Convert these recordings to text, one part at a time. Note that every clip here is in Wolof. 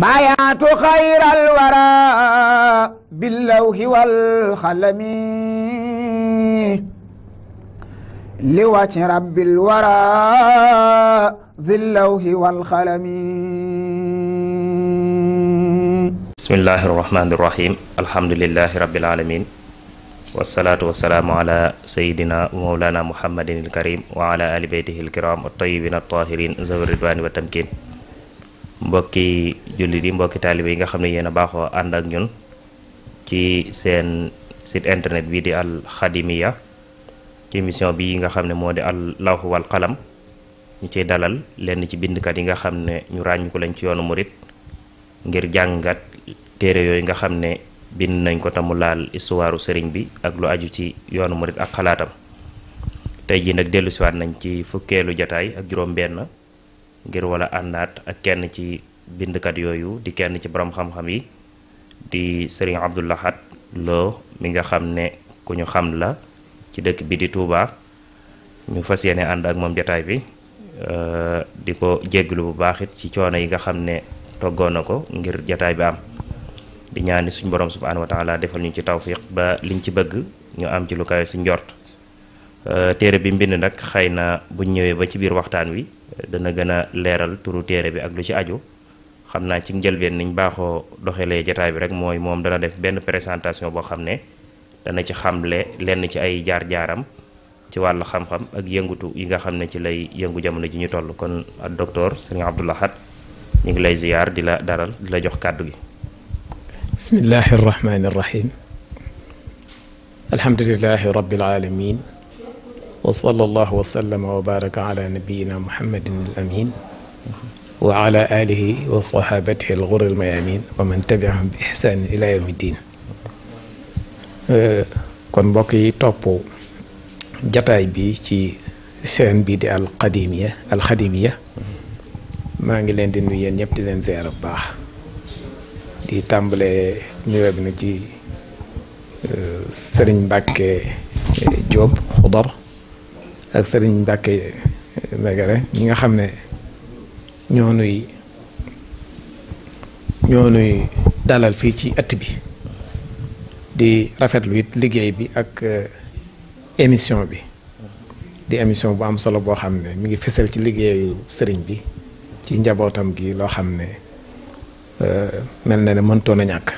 بايعت خير الورى باللوح والخلم لوجه رب الورى ذي اللوح والخلم بسم الله الرحمن الرحيم الحمد لله رب العالمين والصلاة والسلام على سيدنا مولانا محمد الكريم وعلى آل بيته الكرام الطيبين الطاهرين زور الرضوان والتمكين mbokki julit yi mbokki taalibe yi nga xam ne baxo a ak ñun ci sen site internet bi di al khadimiya, ci mission bi nga xam ne al lahu wal qalam ñu ci dalal lenn ci kat yi nga xam ne rañ ko lañ ci yoonu murid ngir jangat téere yoy nga xam ne bind nañ ko tamu laal istuwaaru sëriñ bi ak lu aju ci yoonu murid ak ji nak delu ci wat nañ ci fukkeelu jotaay ak juroom benn ngir wala andat ak kenn ci kat yoyu di kenn ci borom xam-xam yi di sering abdulahat lo mi nga xamne ne ku ñu xam la ci dekk bi di Touba ñu fasiyene and ak mom jotaay bi euh, di ko jéglu bu baaxit ci coono yi nga xamne ne toggoon ngir jotaay bi am di ñaani suñu borom subhanahu wa taala defal ñu ci tawfiq ba liñ ci bëgg ñu am ci lu kawe suñu Euh, téere bi mbind nag xëy na buñ ñëwee ba ci biir waxtaan wi euh, dana gën a leeral turu téere bi ak lu ci aju xam naa ci njëlbeen niñ baaxoo doxalee jataay bi rek mooy moom dana def benn présentation boo xam ne dana ci xamle lenn ci ay jaar-jaaram ci wàll xam-xam ak yëngutu yi nga xam ne ci lay yëngu jamono ji ñu toll kon ak docteur Serigne Abdou Lahad ñu ngi lay ziyaar di la daral di la jox kàddu gi bismillahi rahmaani وصلى الله وسلم وبارك على نبينا محمد الأمين وعلى آله وصحابته الغر الميامين ومن تبعهم بإحسان إلى يوم الدين كون بوكي توبو جاتاي بي تي سين بي دي القديميه القديميه ما نجي لين دي نوي يان نيب باخ دي تامبلي نيو بن تي سيرن جوب خضر ak sëriñ Mbàkke Mbegere ñi nga xam ne ñoo nuy ñoo nuy dalal fii ci ëtt bi di rafetlu it liggéey bi ak euh, émission bi di émission bu am solo boo xam ne mu ngi fësal ci liggéeyu sëriñ bi ci njabootam gi loo xam ne euh, mel na ne mëntoon ñàkk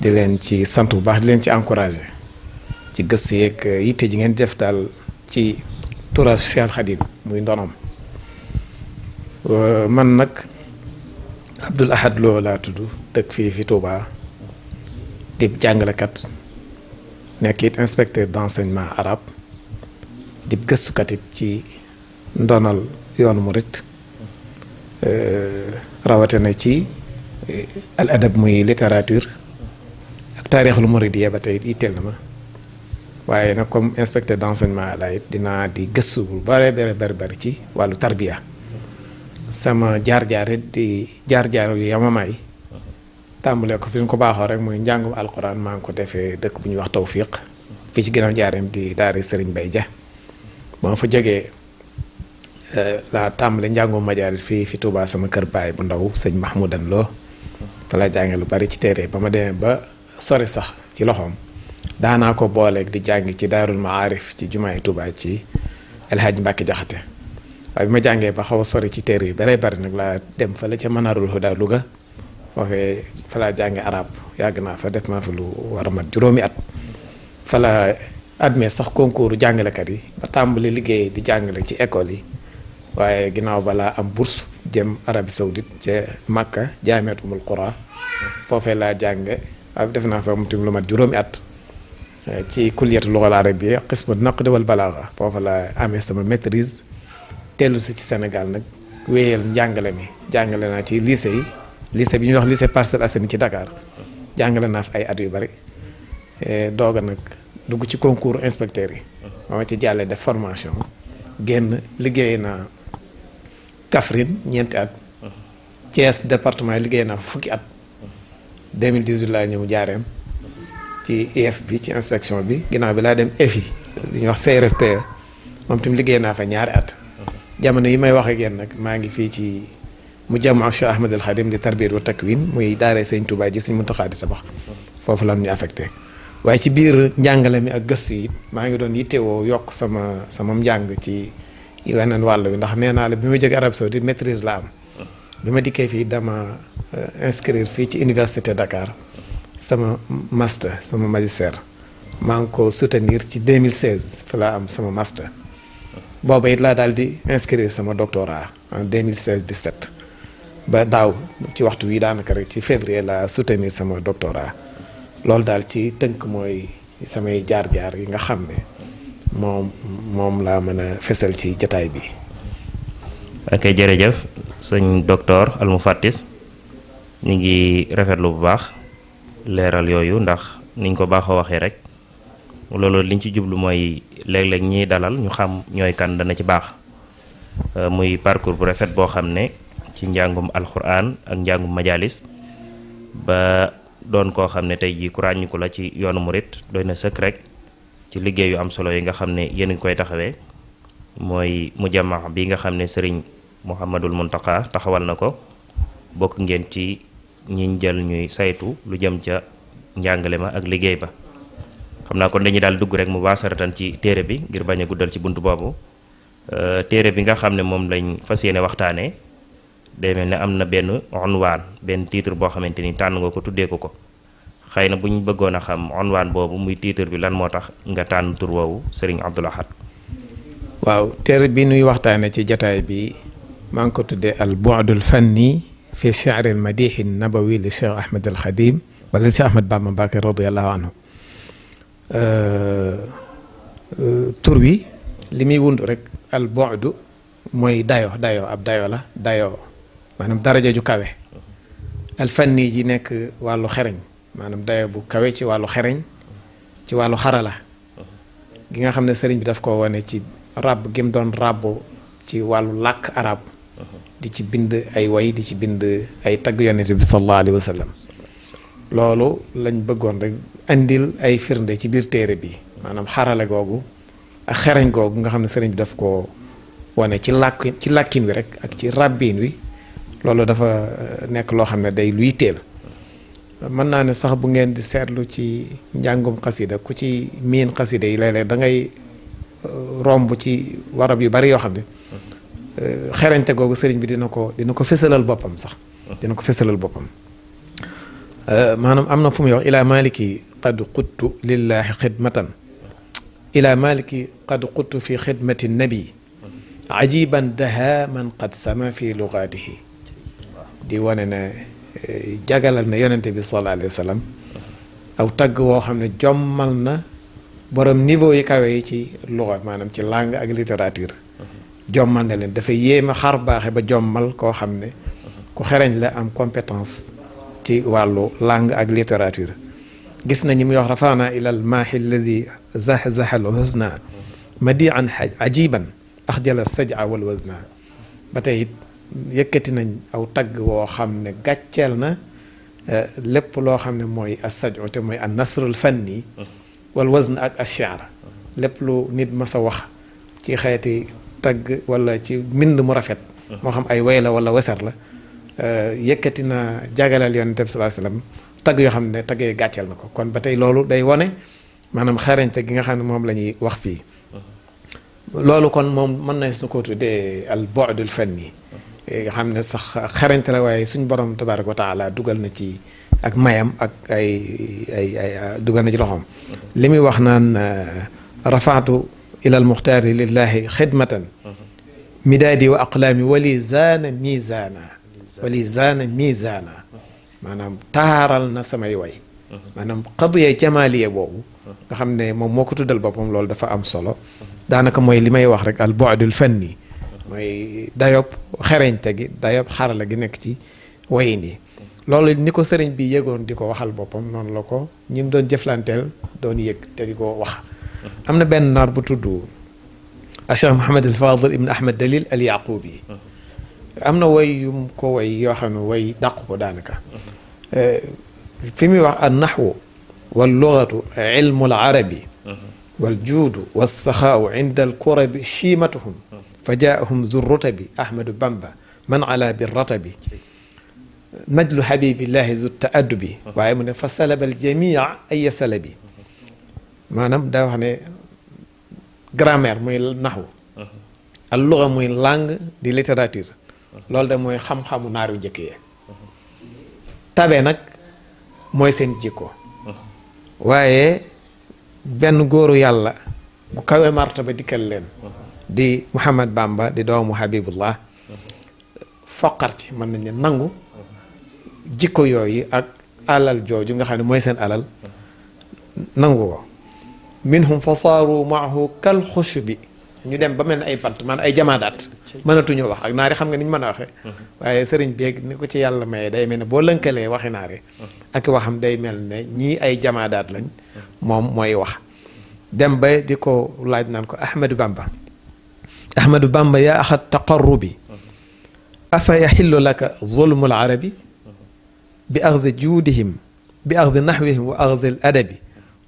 di leen ci sant bu baax di leen ci encouragé ci gëstu yeeg euh, yitte ji ngeen def daal ci turas Cheikh Khadim muy ndonom man nak abdul Ahad Lo la tudd tek fi fi Touba di jàngalekat nekk it inspecteur d'enseignement arabe dib gessu kat ci ndonal mourid euh rawate na ci al adab muy literature ak taarixul murit yee ba tey na ma waaye nag comme inspecteur d' enseignement la it dinaa di gëstu bu bare bare bare bare ci wàllu tarbiya sama jaar-jaar it di jaar-jaar yu yamamaay tàmbalee ko fi ñu ko baaxoo rek mooy njàngum alquran maa ngi ko defee dëkk bu ñuy wax tawfiq fii ci ginnaaw di daari Serigne Bay Ja ba fa jógee eh, laa tàmbale njàngum majaaris fii fi Touba sama kër baay bu ndaw sëñ Mahmoudan Lo fa la jàngee lu bari ci téere ba ma demee ba sori sax ci loxoom. daanaa ko booleeg di jàng ci daarul maarif ci jumaay Tuubaa ci alhaaji Mbàkke Jaxate waaye bi ma jàngee ba xaw a sori ci téere yu bare bari nag laa dem fa la ca Manaarul Huda Louga foofee fa laa jàngee yàgg naa fa def naa fa lu war a mat juróomi at fa la admis sax concours jàngalekat yi tàmbali liggéey di jàngale ci école yi waaye ginnaaw balaa am bourse jëm Arabie Saoudite ca Makka jaamiatumul Qura foofee laa jànge waaye def naa fa mu tim lu mat juróomi at ci kulliyatu luxal arabia xisma naqd wal balaaxa foofa la amee sama maîtrise dellu si ci Sénégal nag wéyal njàngale mi jàngale naa ci lycée yi lycée bi ñuy wax lycée Parcelles Assainies ci Dakar jàngale naa fa ay at yu bari e, dooga nag dugg ci concours inspecteurs yi ma ci jàllee def formation génn liggéey naa Kaffrine ñeenti at Thiès département yi liggéey naa fukki at 2018 laa ñëw jaareem ci IF e bi ci inspection bi ginnaaw bi laa dem EFI li ñuy wax CRFP e, moom tim liggéey naa fa ñaari at jamono yi may waxee ak nag maa ngi fii ci mu jàmm ak Cheikh Ahmad al Khadim di muy daaree sëñ Touba ji sëñ Muntaxa di tabax foofu lan ñu affecté waaye ci biir njàngale mi ak gëstu yi maa ngi doon yittewoo yokk sama sama njàng ci weneen wàll bi ndax nee naa la bi ma jóge arab Saoudite maîtrise la am bi ma dikkee fii dama euh, inscrire fii ci université Dakar sama master sama magistère maa ngi ko soutenir ci 2016 laa am sama master booba it laa daal di inscrire sama doctorat en 2016 17 ba daaw ci waxtu wi daanaka rek ci février laa soutenir sama doctorat loolu daal ci tënk mooy samay jaar-jaar yi nga xam ne moom moom laa mën a fesal ci jataay bi. ok jërëjëf sëñ docteur Al Moufatis ñu ngi rafetlu bu baax. leral yoyu ndax niñ ko baxo waxe rek lolo liñ ci jublu moy leg leg ñi dalal ñu xam ñoy kan dana ci baax euh, muy parcours bu rafet bo xamne ci njangum alquran ak njangum majalis ba doon ko xamne ne ji quran ñu ko la ci yoonu murit doyna sekk rek ci liggey yu am solo yi nga xamne ne ngi koy taxawé moy mujamma bi nga xamne ne sëriñ Muntaka taxawal nako bok ngeen ci ñiñ jël ñuy saytu lu jëm ca njàngale ma ak liggéey ba xam naa kon dañuy daal dugg rek mu baasaratan ci téere bi ngir bañ a guddal ci bunt boobu euh, téere bi nga xam ne moom lañ fas yéene waxtaanee day mel ne am na benn onwaan benn titre boo xamante ni tànn nga ko tuddee ko ko xëy na a xam onwaan boobu muy titre bi lan moo tax nga tànn tur woowu Serigne Abdoul Ahad waaw téere bi nuy waxtaane ci jataay bi maa ngi ko tuddee al bu'dul fanni في الشعر المديح النبوي للشيخ أحمد الخديم بل الشيخ أحمد بن باكر رضي الله عنه tur wi li muy wund rek al bodu mooy dayo dayo ab dayo la dayo maanaam daraja ju kawe al fanni ji nekk wàllu xereñ maanaam dayo bu kawe ci wàllu xereñ ci wàllu xarala gi nga xam ne sëriñ bi daf ko wane ci ràbb gi mu doon ràbbu ci wàllu làkk arab di ci bind ay way di ci bind ay tagg yonent bi sallallahu alayhi wa sallam loolu lañ bëggoon rek indil ay firnde ci biir téere bi maanaam xarale googu ak xereñ nga xam ne sëriñ bi daf ko wane ci làkk ci làkkin wi rek ak ci ràbbiin wi loolu dafa euh, nekk loo xam ne day luy teel mën naa ne sax bu ngeen di seetlu ci njàngum xasida ku ci miin xasida yi léeg-léeg dangay euh, romb ci warab yu bari yoo xam ne Euh, xerañte googu sëriñ bi dina ko dina ko fësalal boppam sax dina ko fësalal boppam euh, maanaam am na fu muy wax ilaa maliki qad quttu lillahi xidmatan ilaa maliki qad quttu fi xidmati nabi ajiban daha man qad sama fi lugaatihi di wane ne eh, jagalal na yonente bi sallallahu alayhi wa aw tagg woo xam ne jommal na borom niveau yi kawe yi ci luga maanaam ci langue ak littérature jommal na leen dafa yéem a xar baaxe ba jommal koo xam ne ku xereñ la am compétence ci wàllu langue ak littérature gis nañu muy wax rafaana ila al maahi alladi zahzaha al husna madian ajiban axjala sajaa wal wasna ba tey it yëkkati nañ aw tagg woo xam ne gàcceel na lépp loo xam ne mooy asajoo te mooy an nasrul fanni wal wasna ak ashaara lépp lu nit mas a wax ci xeeti tagg wala ci mbind mu rafet moo xam ay way la wala wasar la euh, yëkkati na jagalal yonent bi sallallahu alayhi wasallam tagg yoo xam ne taggee gàcceel na ko kon ba tey loolu day wone maanaam xarañte gi nga xam ne moom la ñuy wax fii loolu kon moom mën na su ko tuddee al fen fanni e nga xam ne sax xarañte la waaye suñ borom tabaaraka wa taala dugal na ci ak mayam ak ay ay ay dugal na ci loxoom li muy wax naan euh, rafaatu إلى المختار لله خدمة مدادي وأقلامي زان ميزانا ولي زان ميزانا معنى تارال النسمة يوي معنى قضية جمالية وو خمنا موكتو دل بابهم لول دفع أم صلو دانك موي لما يوخرك البعد الفني موي دايوب خرين تجي دايوب خار لجنكتي ويني لول نيكو سرين بي يغون ديكو وحال بابهم نون لوكو نيم دون جفلان تل دون يك تديكو وحال امنا بين النار بتدو اشرف محمد الفاضل ابن احمد دليل اليعقوبي امنا وي يوم وي يوخن وي دقو دانكا فيمي النحو واللغة علم العربي والجود والسخاء عند الكرب شيمتهم فجاءهم ذو الرتب احمد بمبا من على بالرتب نجل حبيب الله ذو التأدب وعيمنا فسلب الجميع اي سلبي maanaam daa wax ne grammaire muy naxu uh-huh. al luga muy langue di littérature uh-huh. loolu de mooy xam-xamu naaru njëkk yi tabe nag mooy seen jikko uh-huh. waaye benn góoru yàlla gu kawe martaba dikkal leen di Muhammad Bamba di doomu Habibullah foqar ci mën nañu nangu jikko yooyu ak alal jooju nga xam ne mooy seen alal nangu ko منهم فصاروا معه كالخشب ñu dem ba mel ay bant man ay manatu ñu wax ak naari xam nga ni mëna waxe waye waxee waaye sëriñ beeg ni ko ci yàlla may day mel bo lënkelé waxi naari ak waxam day mel ne ñii ay jamaadaat lañ mom moy wax dem ba diko laaj nan ko ahmadu bamba ahmadu bamba ya akhat taqarrubi afa yahillu laka dhulmul arabi bi axdi judihim bi axdi nahwihim wa axdi al adabi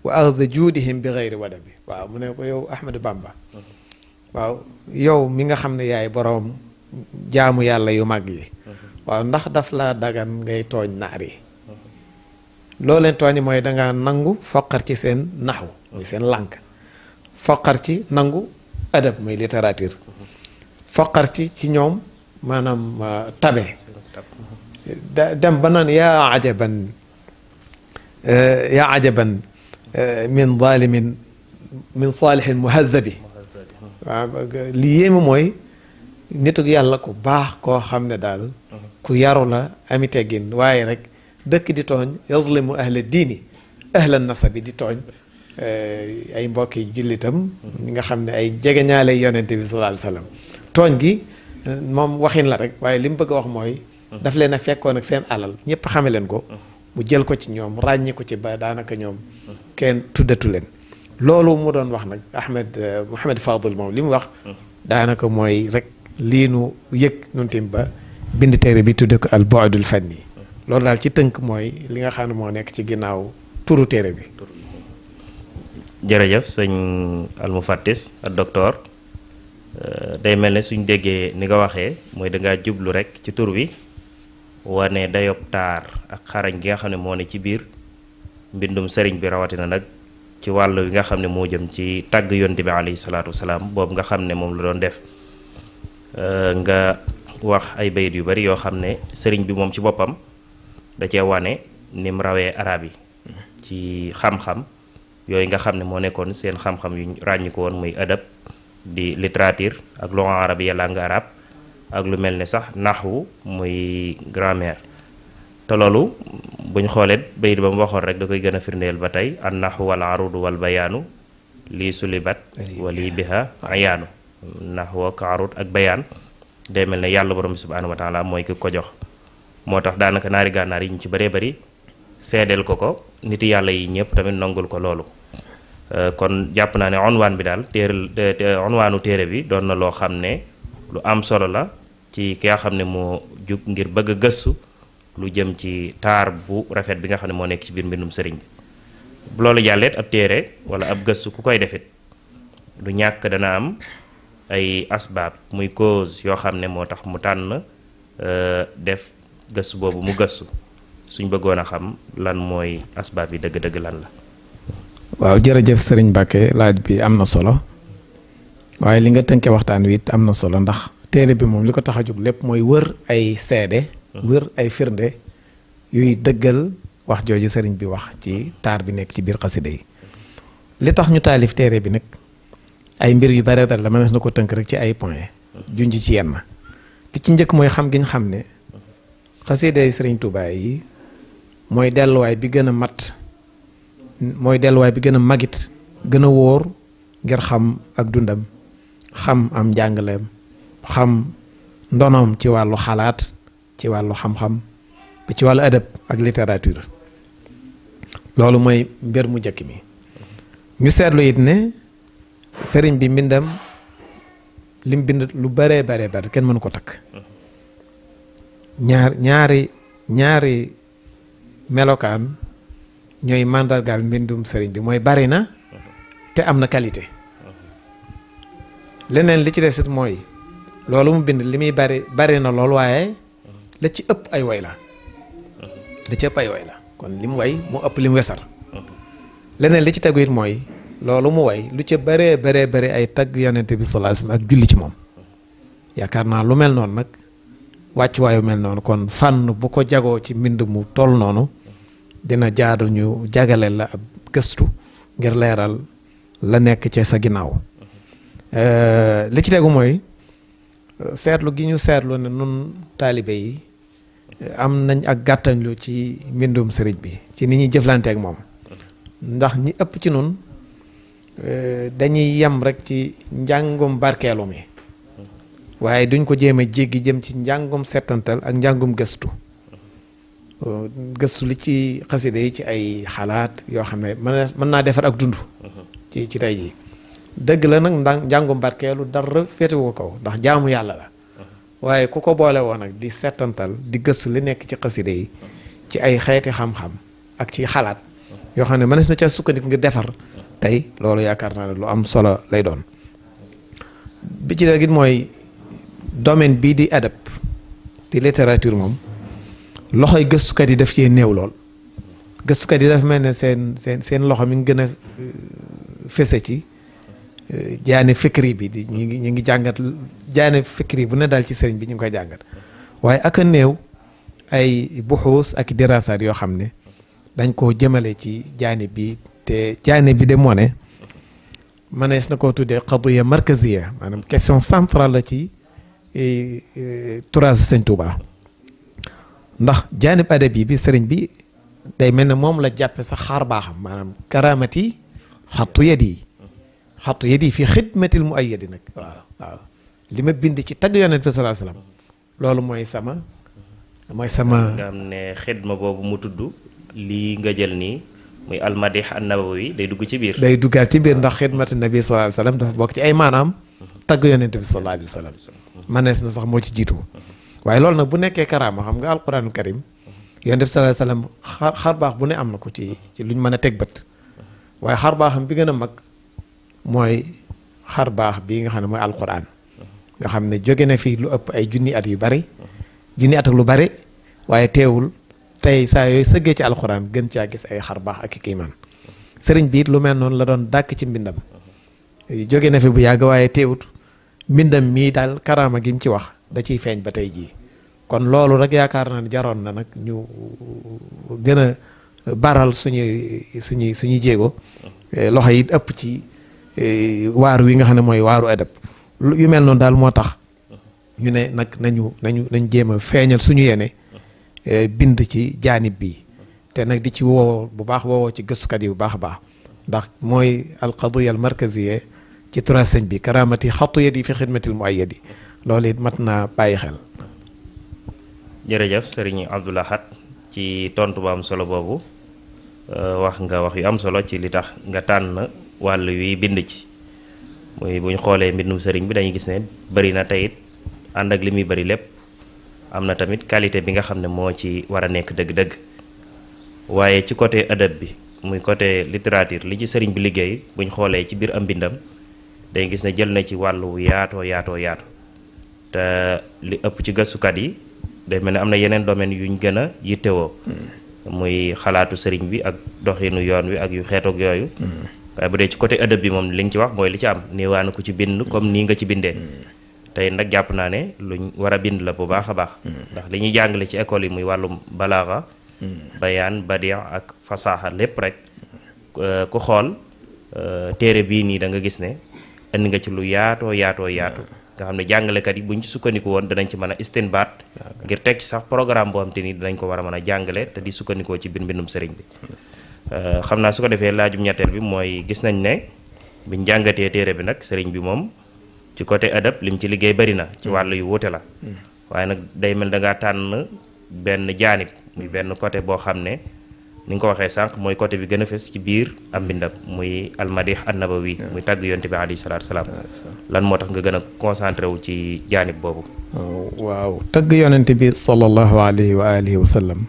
wa axda juudihim bi waaw mu ne ko yow Ahmadou Bamba waaw yow mi nga xam ne yaay boroom jaamu yàlla yu mag yi waaw ndax daf la dagan ngay tooñ naar yi loo leen mooy danga nangu foqar ci seen naxu seen lànk foqar ci nangu adab muy littérature foqar ci ci ñoom maanaam euh, tabe dem ba naan yaa ajaban euh, yaa ajaban min zaalimin min saalihin muhadabi waaw li yéeme mooy nituk yàlla ku baax koo xam ne daal ku yaru la ami teggin waaye rek dëkk di tooñ yazlimu ahla diini ahla nasabi di tooñ ay mbokki jullitam ñi nga xam ne ay jegeñaale yonente bi sallallahu alayhi wasallam tooñ gi moom waxiin la rek waaye li mu bëgg a wax mooy daf leen a fekkoon ak seen alal ñëpp xame leen ko mu jël ko ci ñoom ràññi ko ci ba daanaka ñoom kenn tuddatu leen loolu mu doon wax nag Ahmed euh, Mouhamed Fadil moom li mu wax daanaka mooy rek liinu nu yëg nun ba bind téere bi tudde ko al fan fanni loolu daal ci tënk mooy li nga xam ne moo nekk ci ginnaaw turu téere bi jërëjëf sëñ almufattis ak docteur euh, day mel ne suñ déggee ni nga waxee mooy dangaa jublu rek ci tur wi wane dayob taar ak xarañ gi nga xam ne moo ne ci biir mbindum sëriñ bi rawatina nag ci wàll wi nga xam ne moo jëm ci tàgg yonte bi alayhi salaatu wasalaam boobu nga xam ne moom la doon def euh, nga wax ay bayit yu bari yoo xam ne sëriñ bi moom ci boppam da cee wane ni rawee arab yi ci xam-xam yooyu nga xam ne moo nekkoon seen xam-xam yu ràññi ko woon muy adab di littérature ak lugha arabiyya langue arabe ak lu melni sax nahwu muy grammaire te loolu buñ xolé bayit bam waxon rek da koy gëna firndeel ba an nahwu wal arudu wal bayanu li sulibat wali biha ayanu nahwu ak arud ak bayan day melni yalla borom subhanahu wa taala moy ko jox motax danaka nari naari ñu ci bari bari sédel ko ko niti yalla yi ñepp tamit nangul ko euh, kon japp nane ne onwan bi dal téere onwanu téré bi doon na lu am solo la ci ki nga xamne mo juk ngir bëgg a lu jëm ci tar bu rafet bi nga xamne mo moo nekk ci bir mbindum sëriñ bu lolu jallet ab téré wala ab gëstu ku koy defit du ñak dana am ay asbab muy cause yo xamne mo tax mu euh def gasu bobu mu gëstu suñ bëggona xam lan moy asbab yi dëgg-dëgg lan la waaw jërëjëf sëriñ bakké laaj bi am solo waye li nga tënke waxtaan wi amna solo ndax téere bi moom li ko tax a jóg lépp mooy wër ay seede wër ay firnde yuy dëggal wax jooju sëriñ bi wax ci taar bi nekk ci biir xasida yi li tax ñu taalif téere bi nag ay mbir yu bare bare la mënees na ko tënk rek ci ay point junj ci yenn li ci njëkk mooy xam giñ xam ne yi sëriñ Tuubaa yi mooy delluwaay bi gën a mat mooy delluwaay bi gën magit gën a wóor ngir xam ak dundam xam am njàngaleem xam ndonom ci walu xalaat ci walu xam-xam ci walu adab ak literature lolu moy mbir mu njëkk mi ñu seetlu it ne sëriñ bi mbindam lim bind lu bare bare bare ken mënu ko tak ñaar ñaari ñaari ñoy mandar gal mbindum sëriñ bi moy bari na te amna qualité leneen li ci moy loolu mu bind li muy bari bari na loolu waaye la ci ëpp ay woy la la ci ëpp ay way kon li mu way mu ëpp li mu wesar leneen li ci tegu it mooy loolu mu woy lu ca bëree bare bëri ay tagg yonent bi sallallahu alayhi ak julli ci moom yaakaar naa lu mel noonu nag wàccuwaayu mel noonu kon fànn bu ko jagoo ci mbind mu toll noonu dina jaadu ñu jagale la ab gëstu ngir leeral la nekk ci sa ginnaaw euh, li ci tegu mooy seetlu gi ñu seetlu ne nun taalibe yi am nañ ak gàttañlu ci mbindum sëriñ bi ci ni ñuy jëflante ak moom ndax ñi ëpp ci nun eh, dañuy yem rek ci njàngum barkeelu mi waaye duñ ko jéem a jéggi jëm ci njàngum settantal ak njàngum gëstu gëstu li ci xasida yi ci ay xalaat yoo xam ne mën naa defar ak dund ci ci tey dëgg la nag nda njàngu mbarkeelu dara féetewu kaw ndax jaamu yàlla la waaye ku ko boole woon nag di settantal di gëstu li nekk ci xaside yi ci ay xeeti xam-xam ak ci xalaat yoo xam ne mënees na ca sukkandik ngir defar tey loolu yaakaar naa ne lu am solo lay doon bi ci dagit mooy domaine bii di adab di littérature moom loxoy gëstukat yi daf cee néew lool gëstukat yi daf mel ne seen seen seen loxo mi ngi gën a euh, fese ci jaane fikri bi di ñu ngi ñu ngi jàngat jaane fikri bu ne daal ci sëriñ bi ñu ngi koy jàngat waaye ak a néew ay buxuus ak dirasaat yoo xam ne dañ koo jëmale ci jaane bi te jaane bi de moo ne na koo tuddee qadiya markaziya maanaam question centrale la ci e, e, turaasu sëñ Tuuba ndax jaanib adab bi sëriñ bi day mel ne moom la jàppe sax xaar baaxam maanaam karaamati xattu yet yi حط يدي في خدمة المؤيد نك لما آه. بيندي شيء تجي أنا آه. بس الله سلام لو ما يسمى ما يسمى نعم خدمة بابو متدو لي نجعلني مي المديح النبوي لي دوجي بير لي دوجي بير نا خدمة النبي صلى الله عليه وسلم ده وقت أي ما نام تجي أنا بس الله عليه وسلم ما ناس نسخ موت جيتو وعلول نبني كرامة هم قال القرآن الكريم يوسف صلى الله عليه وسلم خربا بني أملكوتي لين ما نتقبت وعربا هم بيجنا مك mooy xar baax bii nga xam ne mooy alquran nga xam ne jóge na fi lu ëpp ay junni at yu bari junni at ak lu bari waaye teewul tey saa yooyu sëggee ci alquran gën caa gis ay xar baax ak i man sëriñ bi it lu mel noonu la doon dàkk ci mbindam jóge na fi bu yàgg waaye teewut mbindam mii daal karaama gi mu ci wax da ciy feeñ ba tey jii kon loolu rek yaakaar naa ne jaroon na nag ñu gën a baral suñuy suñuy suñuy jéego loxo yi ëpp ci Eh, waaru wi nga xam ne mooy waaru adab yu mel noonu daal moo tax ñu ne nag nañu nañu nañ jéem a feeñal suñu yéene eh, bind ci jaanib bi te nag di ci woowoo bu baax woowoo ci gëstukat yi bu baax a baax ndax mooy alqadiya al markaziya ci trois sëñ bi karaamati xattu yadi fi xidmatil muayyadi loolu it mat naa bàyyi xel. jërëjëf sëriñ Abdou Lahad ci tontu bu am solo boobu euh, wax nga wax yu am solo ci li tax nga tànn. walu wi bind ci moy buñ xolé xoolee mbindum sëriñ bi dañuy gis ne bari na tayit and ak limi bari lepp amna tamit qualité bi nga xamne mo ci wara nek deug deug waye ci côté adab bi muy côté littérature li ci serigne bi liggéey buñ xolé ci bir am bindam dañuy gis ne jël na ci walu yaato yaato yaato ta li ëpp ci kat yi day melni amna yenen domaine yuñ gëna a hmm. muy xalaatu serigne bi ak doxinu yoon wi ak yu waaye bu dee ci côté adab bi mom liñ ci wax moy li ci am nii waanu ko ci bind comme ni nga ci bindé mm. tay nak japp na ne luñ wara bind la bu baax baax mm. ndax liñu ñuy ci école yi muy walum balagha mm. bayan badia ak fasaha lepp rek ku euh, xool euh, téré bi ni da nga gis ne and nga ci lu yaato yaato yaato nga xamné ne kat yi buñ ci sukkandiku won dañ ci mëna istinbat ngir tek ci sax programme bo am tini dañ ko wara mëna di ci bind bindum sëriñ bi Euh, xam naa su ko defee laajum ñetteel bi mooy gis nañ ne biñ jàngatee téere bi nag sëriñ bi moom ci côté adab lim ci liggéey bari na ci mm. wàll yu wuute la mm. waaye nag day mel da ngaa tànn benn jaanib muy benn côté boo xam ne ni nga ko waxee sànq mooy côté bi gën a fes ci biir am mbindam muy almadih annabawi muy tàgg yonte bi alayhi salaatu salaam lan moo tax nga gën a concentré wu ci jaanib boobu oh, waaw tàgg yonente bi sallallahu alayhi wa alihi wa sallam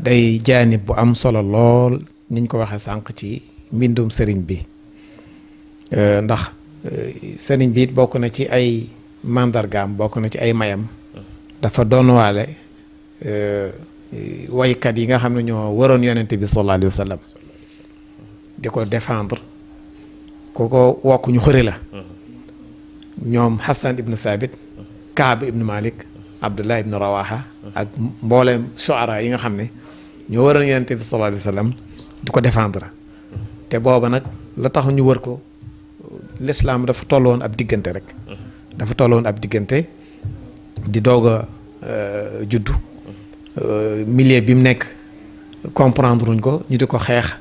day jaanib bu am solo lool niñ ko waxee sànq ci mbindum sëriñ bi euh, ndax euh, sëriñ bi it bokk na ci ay màndargaam bokk na ci ay mayam dafa doon waale euh, waykat yi nga xam ne ñoo waroon yonente bi sallallahu alayhi wa di ko défendre kooko ko wokk ñu xëri la ñoom Hassan ibnu Sabit Kaab ibnu Malik Abdullah ibnu Rawaha ak mboolem suara yi nga xam ne ñoo waroon yonent bi sallallahu alayhi wa sallam di ko défendre te booba nag la tax ñu wër ko lislaam dafa tolloon ab diggante rek dafa tolloon ab diggante di doog a euh, juddu euh, milieu bi mu nekk comprendre wuñ ko ñu di ko xeex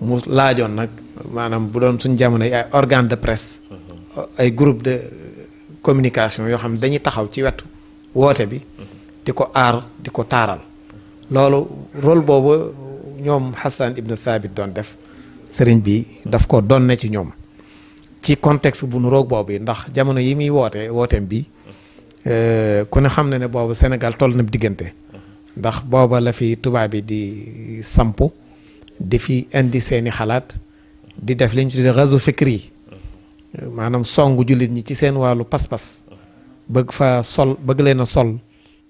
mu laajoon nag maanaam bu doon suñ jamono ay organe de presse ay groupe de communication yoo xam ne dañuy taxaw ci wetu woote bi di ko aar di ko taaral loolu rôle boobu ñoom Hassan ibn Thabit doon def sëriñ bi daf ko doon na ci ñoom ci contexte bu nu roog boobu ndax jamono yi muy woote wooteem bi euh, ku ne xam na ne boobu Sénégal toll na diggante ndax booba la fi tubaab yi di samp di fi indi seeni xalaat di def li ñu tuddee réseau fikri yi maanaam songu jullit ñi ci seen wàllu pas-pas bëgg fa sol bëgg leen a sol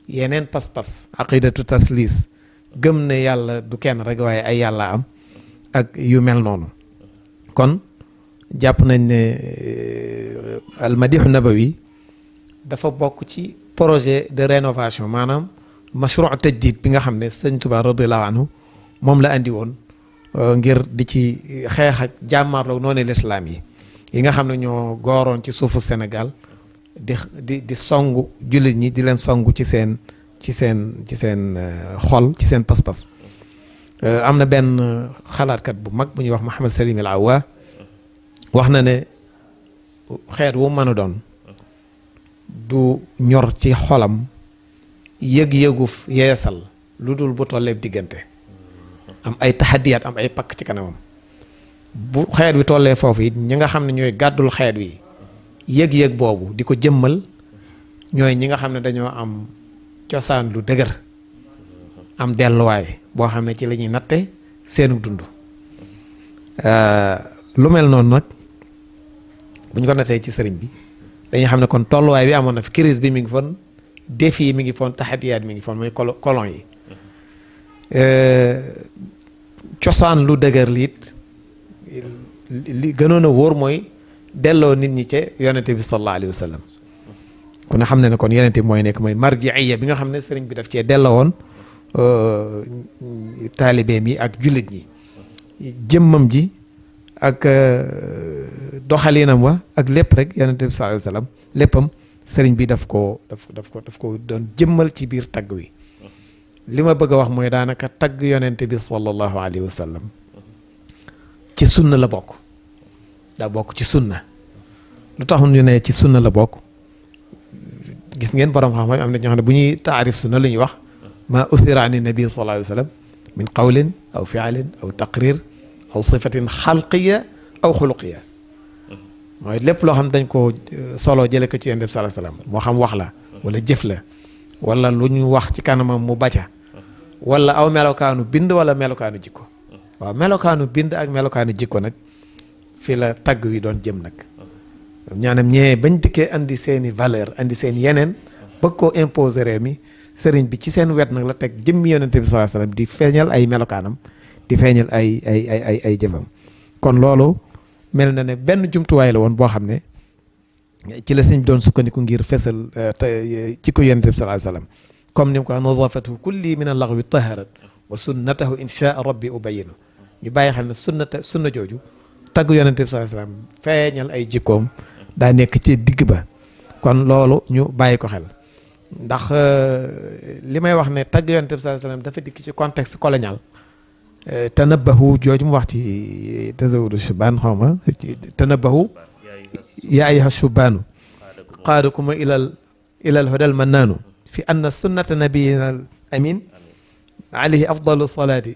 yeneen pas-pas aqidatu taslis gëm na yàlla du kenn rek waaye ay yàlla am ak yu mel noonu kon jàpp nañ ne euh, almadixu nabawi dafa bokk ci projet de rénovation maanaam mashruu tajdid bi nga xam ne sëñ Tuubaa radiyallaahu anhu moom la indi woon euh, ngir di ci xeex ak jàmmaarloog noonu lislaam yi yi nga xam ne ñoo gooroon ci suufu Sénégal di di songu jullit ñi di leen songu ci seen ci seen ci seen euh, xol ci seen pas-pas euh, am na benn xalaatkat bu mag bu ñuy wax Mouhamed Salim El Awa wax na ne xeet wu mën a doon du ñor ci xolam yëg-yëgu yeesal lu dul bu tolleeb diggante am ay taxadiyaat am ay pakk ci kanamam bu xeet wi tollee foofu it ñi nga xam ne ñooy gàddul xeet wi yëg-yëg boobu di ko jëmmal ñooy ñi nga xam ne dañoo am cosaan lu dëgër am delluwaay boo xam ne ci lañuy ñuy natte seenu dund euh, lu mel noonu nag bu ñu ko nattee ci sëriñ bi dañuy xam ne kon tolluwaay bi amoon na fi crise bi mi ngi foon défi mi ngi foon taxadiyaat mi ngi foon mooy colon yi euh, cosaan lu dëgër liit li gënoon a wóor mooy delloo nit ñi ca yonente bi sallallahu alayhi wa sallam xam ne ne kon yonente bi mooy nekk mooy marjiiya bi nga xam ne sëriñ bi daf cee delloo woon euh, taalibeem yi ak jullit ñi jëmmam ji ak euh, doxalinam wa ak lépp rek yonente bi sallallahu alayhi wa léppam sëriñ bi daf koo daf daf ko daf ko doon jëmmal ci biir tagg wi li ma bëgg a wax mooy daanaka tagg yonente bi sallallahu alayhi wa ci sunna la bokk daa bokk ci sunna lu taxoon ñu ne ci sunna la bokk gis ngeen borom xam-xam am na ñoo xam ne bu ñuy taarif sunna la ñuy wax maa uthira ani nabi sallallahu alayhi wa sallam min qawlin aw fialin aw taqrir aw sifatin xalqiya aw xuluqiya mooy lépp loo xam dañ ko solo jële ko ci yonent bi sallallahu alayhi wa sallam moo xam wax la wala jëf la wala lu ñu wax ci kanamam mu baca wala aw melokaanu bind wala melokaanu jikko waaw melokaanu bind ak melokaanu jikko nag fi la tàgg wi doon jëm nag ñaanam ñee bañ dikkee andi seni valer valeur andi seen yenen bëgg koo imposer mi sëriñ bi ci seen wet nak la teg jëm yonente bi sallallahu alayhi wasallam di feeñal ay melokaanam di feeñal ay ay ay ay ay jëfam kon loolu mel na ne benn jumtuwaay la woon boo xam ne ci la sëñ doon sukkandiku ngir fesal ci ko yonente bi sallallahu alayhi wasallam comme ni ko nazafatu kulli min al-laghwi taharat wa sunnatahu insha rabbi ubayinu ñu bàyyi xel ne sunna jooju tagg yonent bi sallallahu alayhi wasallam feeñal ay jikkoom daa nekk ci digg ba kon loolu ñu bàyyi ko xel ndax li may wax ne tagg yonent bi sallallahu alayhi wasallam dafa dikk ci contexte colonial tanabahu jooju mu wax ci tazawudu shubaan xaw ma tanabahu yaa ayyuha shubaanu qaadakum ilal ilal hudal mannaanu fi anna sunnata nabiyina al amin alayhi afdalu salaati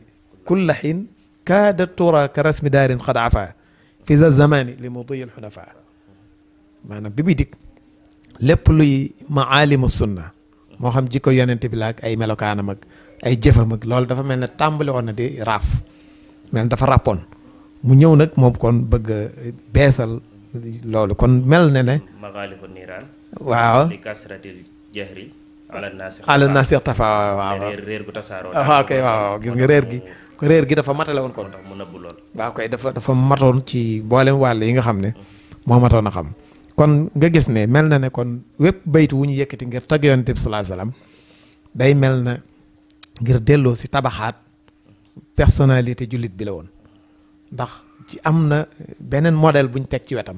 kulla xiin kaadat tura ka rasmi daarin qad afaa في ذا الزمان لمضي الحنفاء معنا ببيدك لب لي معالم السنة ما خم جيكو ينتبه لك أي ملوك أنا مك أي جفا مك لول دفع من التامبل وانا دي راف من دفع رابون مونيو نك موب كون بغ بيسل لول كون مل نينا مغالب النيران واو لكسرة الجهري على الناس على الناس يقتفى واو رير رير كتسارو اوكي واو غير غير réer gi dafa matale woon kon mu lool waaw koy dafa dafa matoon ci mboolem wàll yi nga xam ne moo matoon a xam kon nga gis ne mel na ne kon wépp baytu wu ñu yëkkati ngir tagg yonent bi sallallahu day mel na ngir delloo si tabaxaat personnalité jullit bi la woon ndax ci am na beneen modèle buñ teg ci wetam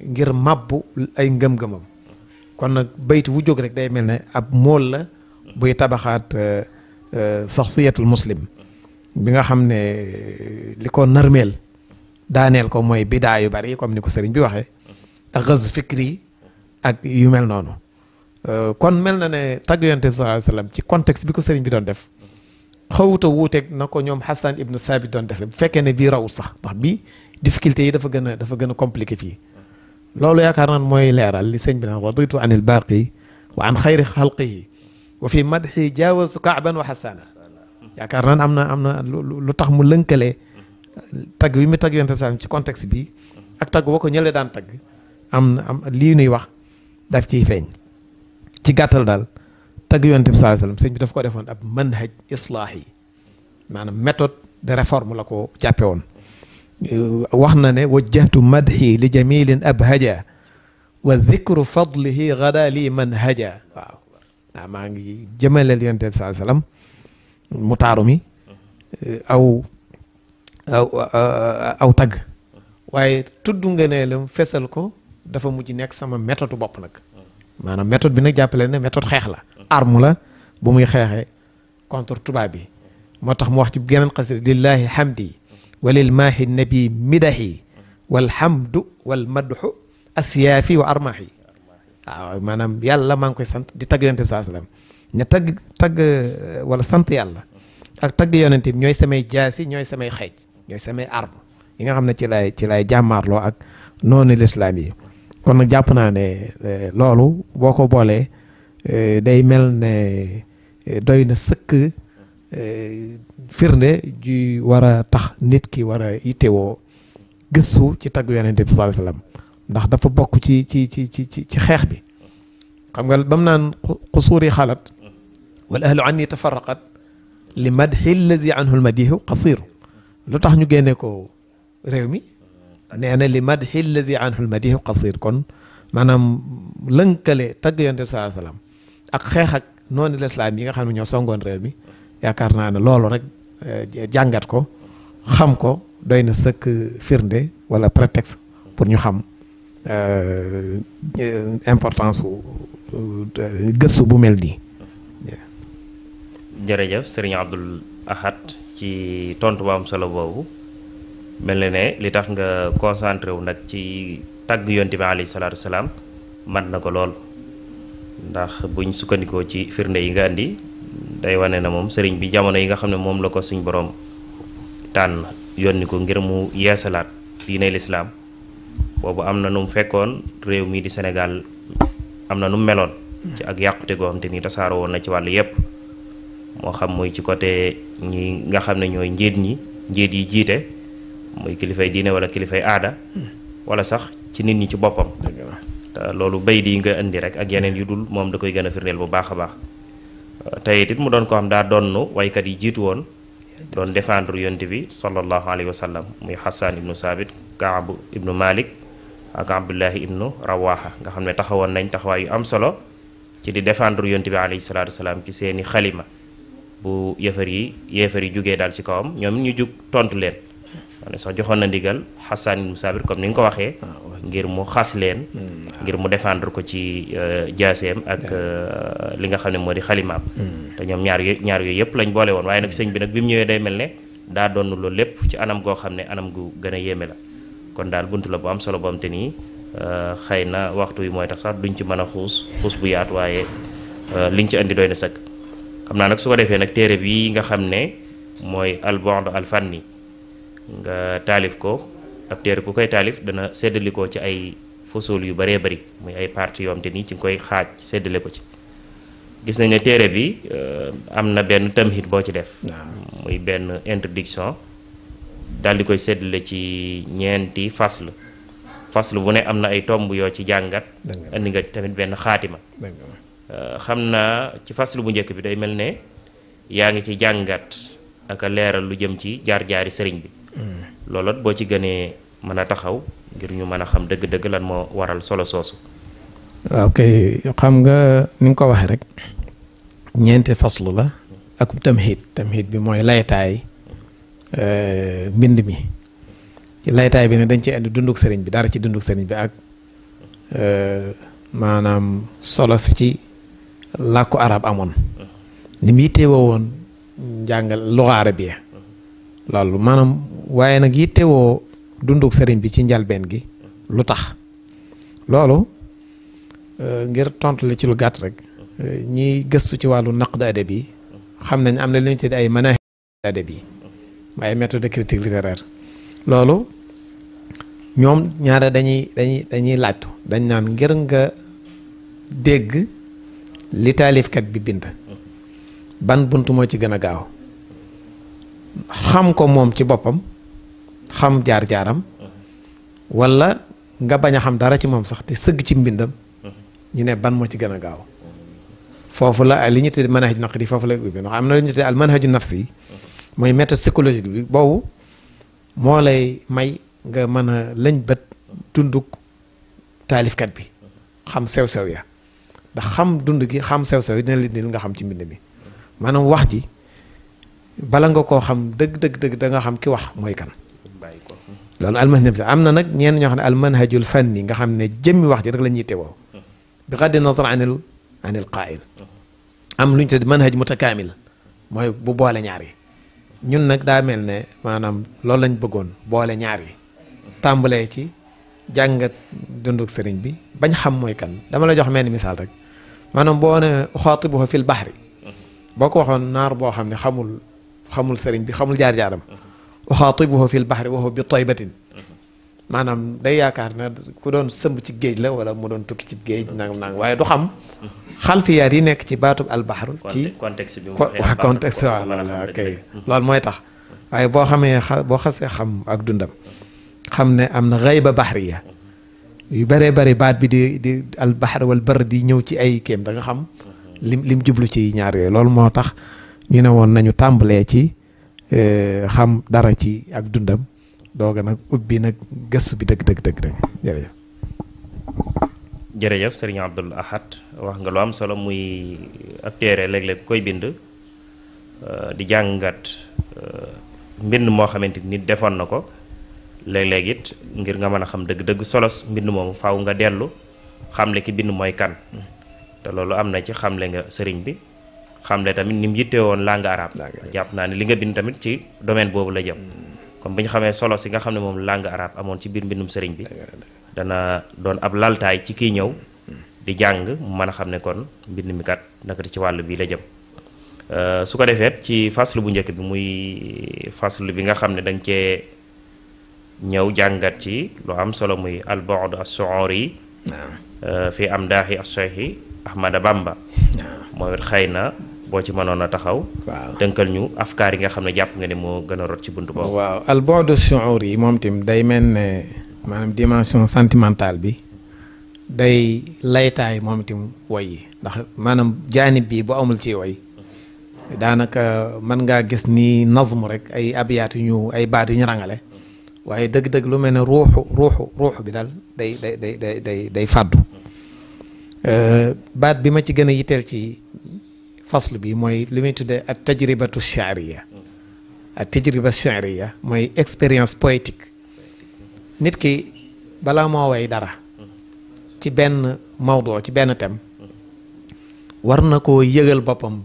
ngir màbbu ay ngëm-ngëmam kon nag baytu wu jóg rek day mel ne ab mool la buy tabaxaat euh, euh, saxsiyatul muslim bi nga xam ne li ko narmeel daaneel ko mooy bidaa yu bari comme ni ko sëriñ bi waxee ak xës fikri ak yu mel noonu kon mel na ne tagg yonent bi sallallahu alayhi wasallam ci contexte bi ko sëriñ bi doon def xawuta wuuteeg na ko ñoom Hassan ibnu Saabit doon defee bu fekkee ne bii rawul sax ndax bii difficulté yi dafa gën a dafa gën a compliqué fii loolu yaakaar naan mooy leeral li sëñ bi naan raditu an il baaqi wa an xayri xalqihi wa fi madxi jaawasu kaaban wa xasaana yaakaar naa ne am na am na lu tax mu lënkale tagg yi mu tag yonent bi ci contexte bi ak tag woo ko ñëlee daan tag am na am lii nuy wax daf ciy feeñ ci gàttal daal tagg yonent bi sallallahu alayhi wasallam sëñ bi daf ko defoon ab manhaj islaahi maanaam méthode de réforme la ko jàppe woon euh, wax na ne wajjahtu madhi li jamilin abhaja wa dhikru fadlihi gada li manhaja waaw maa ngi jëmaleel yonent bi sallallahu alayhi wasallam mu taaru mi aw aw aw tagg waaye tudd nga ne lam fesal ko dafa mujj nekk sama méthode bopp nag maanaam méthode bi nag jàppale ne méthode xeex la arme la bu muy xeexee contre tubaab bi moo tax mu wax ci geneen xasida lillahi hamdi walil maahi nabi midahi walhamdu walmadhu asiyaafi wa armahi waaw maanaam yàlla maa ngi koy sant di tagg yonent bi saa sallam ne tagg tagg euh, wala sant yàlla ak tagg yonente bi ñooy samay jaasi ñooy samay xeej ñooy samay arme yi nga xam ne ci laay ci laay jàmmaarloo ak noonu lislaam yi kon jàpp naa ne euh, loolu boo ko boolee euh, day mel ne doy na sëkk firnde ju war a tax nit ki war a yittewoo gëstu ci tagg yonente bi sallallahu ndax dafa bokk ci ci ci ci ci xeex bi xam nga bam naan xusuuri xalaat والاهل عني تفرقت لمدح الذي عنه المديح قصير لو تخ نيو غينيكو ريومي نانا يعني لمدح الذي عنه المديح قصير كون مانام لنكلي تاغ يونس صلى الله عليه وسلم اك خيخك نون الاسلام ييغا خا نيو سونغون ريومي ياكارنا ان لولو رك آه، جانغاتكو خامكو دوينا سك فيرندي ولا بريتكس بور نيو خام ا امبورطانس گسو بو ملدي jërëjëf sëriñ Abdul Ahad ci tontu bu am solo boobu mel na ne li tax nga concentré wu nag ci tàgg yonte bi alayhi salaatu salaam man na ko lool ndax buñ sukkandikoo ci firnde yi nga andi day wane na moom sëriñ bi jamono yi nga xam ne moom la ko suñ borom tànn yónni ko ngir mu yeesalaat diine lislaam boobu am na nu mu fekkoon réew mii di Sénégal am na nu mu meloon ci ak yàqute goo xam te ni tasaaroo woon na ci wàll yépp moo xam muy ci côté ñi nga xam ne ñooy njiit ñi njiit yi jiite muy kilifay diine wala kilifay aada wala sax ci nit ñi ci boppam loolu bay di nga indi rek ak yeneen yu dul moom da koy gën a firndeel bu baax a baax tey it mu doon ko xam daa donnu waykat yi jiitu woon doon défendre yonte bi sallallahu alayhi muy ibnu saabit kaab ibnu malik ak abdullahi ibnu rawaha nga xam ne taxawoon nañ taxawaay yu am solo ci di défendre yonte bi alayhi salatu wasalaam ci seeni bu yëfar yi yéefar yi jugee daal ci kawam ñoom ñu jug tontu leen ne sax joxoon na ndigal xasaan mu saabir comme ni nga ko waxee ah, ngir mu xas leen hmm, ngir mu défendre ko ci jaaseem euh, ak euh, li nga xam ne moo di xalimaam hmm. te ñoom ñaar yooyu ñaar yooyu yëpp lañ boole woon waaye nag sëñ bi nag bi mu ñëwee day mel ne daa doon loolu lépp ci anam goo xam ne anam gu gën a yéeme la kon daal bunt la bu am solo bu am te nii euh, xëy na waxtu wi mooy tax sax duñ ci mën a xuus xuus bu yaatu waaye liñ ci indi doy na xam naa nag su ko defee nag téere bii nga xam ne mooy alfan ni nga taalif ko ab téere ku koy taalif dana séddali ko ci ay fosul yu baree bari muy ay parti yoo te nii ci nga koy xaaj séddale ko ci gis nañ ne téere bi euh, am na benn tamhid boo ci def muy benn introduction daal di koy seddale ci ñeenti fasl fasl bu ne am na ay tomb yoo ci jàngat indi nga tamit benn xaatima Euh, xam naa ci faslu bu njëkk bi day mel ne yaa ngi ci jàngat ak a leeral lu jëm ci jaar-jaari sëriñ bi mm. looloot boo ci gënee mën a taxaw ngir ñu mën a xam dëgg-dëgg lan moo waral solo soosu waaw xam nga ni nga ko waxee rek ñeenti faslu la ak tamhid tamhid bi mooy laytaay euh, mbind mi ci laytaay bi ne dañ ci indi dunduk sëriñ bi dara ci dunduk sëriñ bi ak euh, maanaam solo si ci làkku arab amoon ni mu yittewoo woon njàngal luxa arabiya loolu maanaam waaye nag yittewoo dunduk sëriñ bi ci njalbeen gi lu tax loolu euh, ngir tontu la ci lu gàtt rek euh, ñiy gëstu ci wàllu naq adab yi xam nañ am na lu ñu tuddee ay manahij adab yi ay méthode critique littéraire loolu ñoom ñaare dañuy dañuy dañuy laajtu dañ naan ngir nga dégg li taalifkat bi bind ban bunt moo ci gën a gaaw xam ko moom ci boppam xam jaar-jaaram walla nga bañ a xam dara ci moom sax te sëgg ci mbindam ñu ne ban moo ci gën a gaaw foofu la li ñu tuddee manhaj naqdi foofu lay ubbi ndax am na lu ñu tuddee al manhaju nafsi mooy méthode psychologique bi boobu moo lay may nga mën a lañ bët dunduk taalifkat bi xam sew-sew ya ndax xam dund gi xam sew-sew yi dina la indil nga xam ci mbind mi maanaam wax ji bala nga koo xam dëgg dëgg dëgg nga xam ki wax mooy kan loolu almanhaj am na nag ñeen ñoo xam ne fan fanni nga xam ne jëmmi wax ji rek la ñuy tewoo bi xaddi nasar anil anil qaayil am lu ñu tuddee manhaj mutakaamil mooy bu boole ñaar yi ñun nag daa mel ne maanaam loolu lañ bëggoon boole ñaar yi tàmbalee ci jàngat dunduk sëriñ bi bañ xam mooy kan dama la jox mel ni misaal maanaam boo ne xaatibuha fil baxri boo ko waxoon naar boo xam ne xamul xamul sëriñ bi xamul jaar-jaaram uxaatibuhu fil baxri wa huwa bi taybatin maanaam day yaakaar ne ku doon sëmb ci géej la wala mu doon tukki ci géej nangam nangam waaye du xam xalfiyaat yi nekk ci baatub albaxru ci contexte bi waa contexte waaw waaw kay loolu mooy tax waaye boo xamee boo xasee xam ak dundam xam ne am na xayba baxriya yu bëree bëri baat bi di di albaxar wal bar di ñëw ci ay kem da xam lim lim jublu ci ñaar yooyu loolu moo tax ñu ne woon nañu tàmbalee ci eh, xam dara ci ak dundam dooga nag ubbi nag gëstu bi dëgg dëgg dëgg dëgg jërëjëf Abdul Ahad wax nga lu am solo muy ab téere léeg koy bind eh, di jàngat eh, mbind moo xamante ni defoon na ko leg leg it ngir nga mëna a xam deug deug solos mbind mom faaw nga dellu xamle ki bindu moy kan te lolu amna na ci xamle nga serigne bi xamle tamit nim mu yitte woon langue arabe japp na ni li nga bind tamit ci domaine bobu la jëm comme biñ xamé solos yi nga xam mom langue arabe amoon ci bir mbindum serigne bi dana don ab laltay ci ki ñew di jang mu mën kon mbind mi kat nak ci walu bi la jëm euh, su ko defee ci faslu bu ñëk bi muy faslu bi nga xam dañ ci ñëw jàngat ci lu am solo muy albood assuur yi euh, fi am daaxi assoyxi ahmada bamba mooy it xëy na boo ci mënoon a taxaw dënkal ñu afkaar yi nga xam ne jàpp nga ni moo gën a rot ci bunt boobu waaw albood assuur yi moom tim day mel ne maanaam dimension sentimentale bi day laytaay moom itam woy yi ndax maanaam jaanib bi bu amul ci woy daanaka mën ngaa gis ni nazmu rek ay abiyaat ay baat yu ñu rangale waaye dëgg-dëgg lu mel ne ruuxu ruuxu ruuxu bi daal day day day day day fàddu baat bi ma ci gën a yitteel ci fasl bi mooy li muy tuddee at tajribatu charia at tajriba charia mooy expérience poétique nit ki balaa moo woy dara ci benn mawdoo ci benn thème war na koo yëgal boppam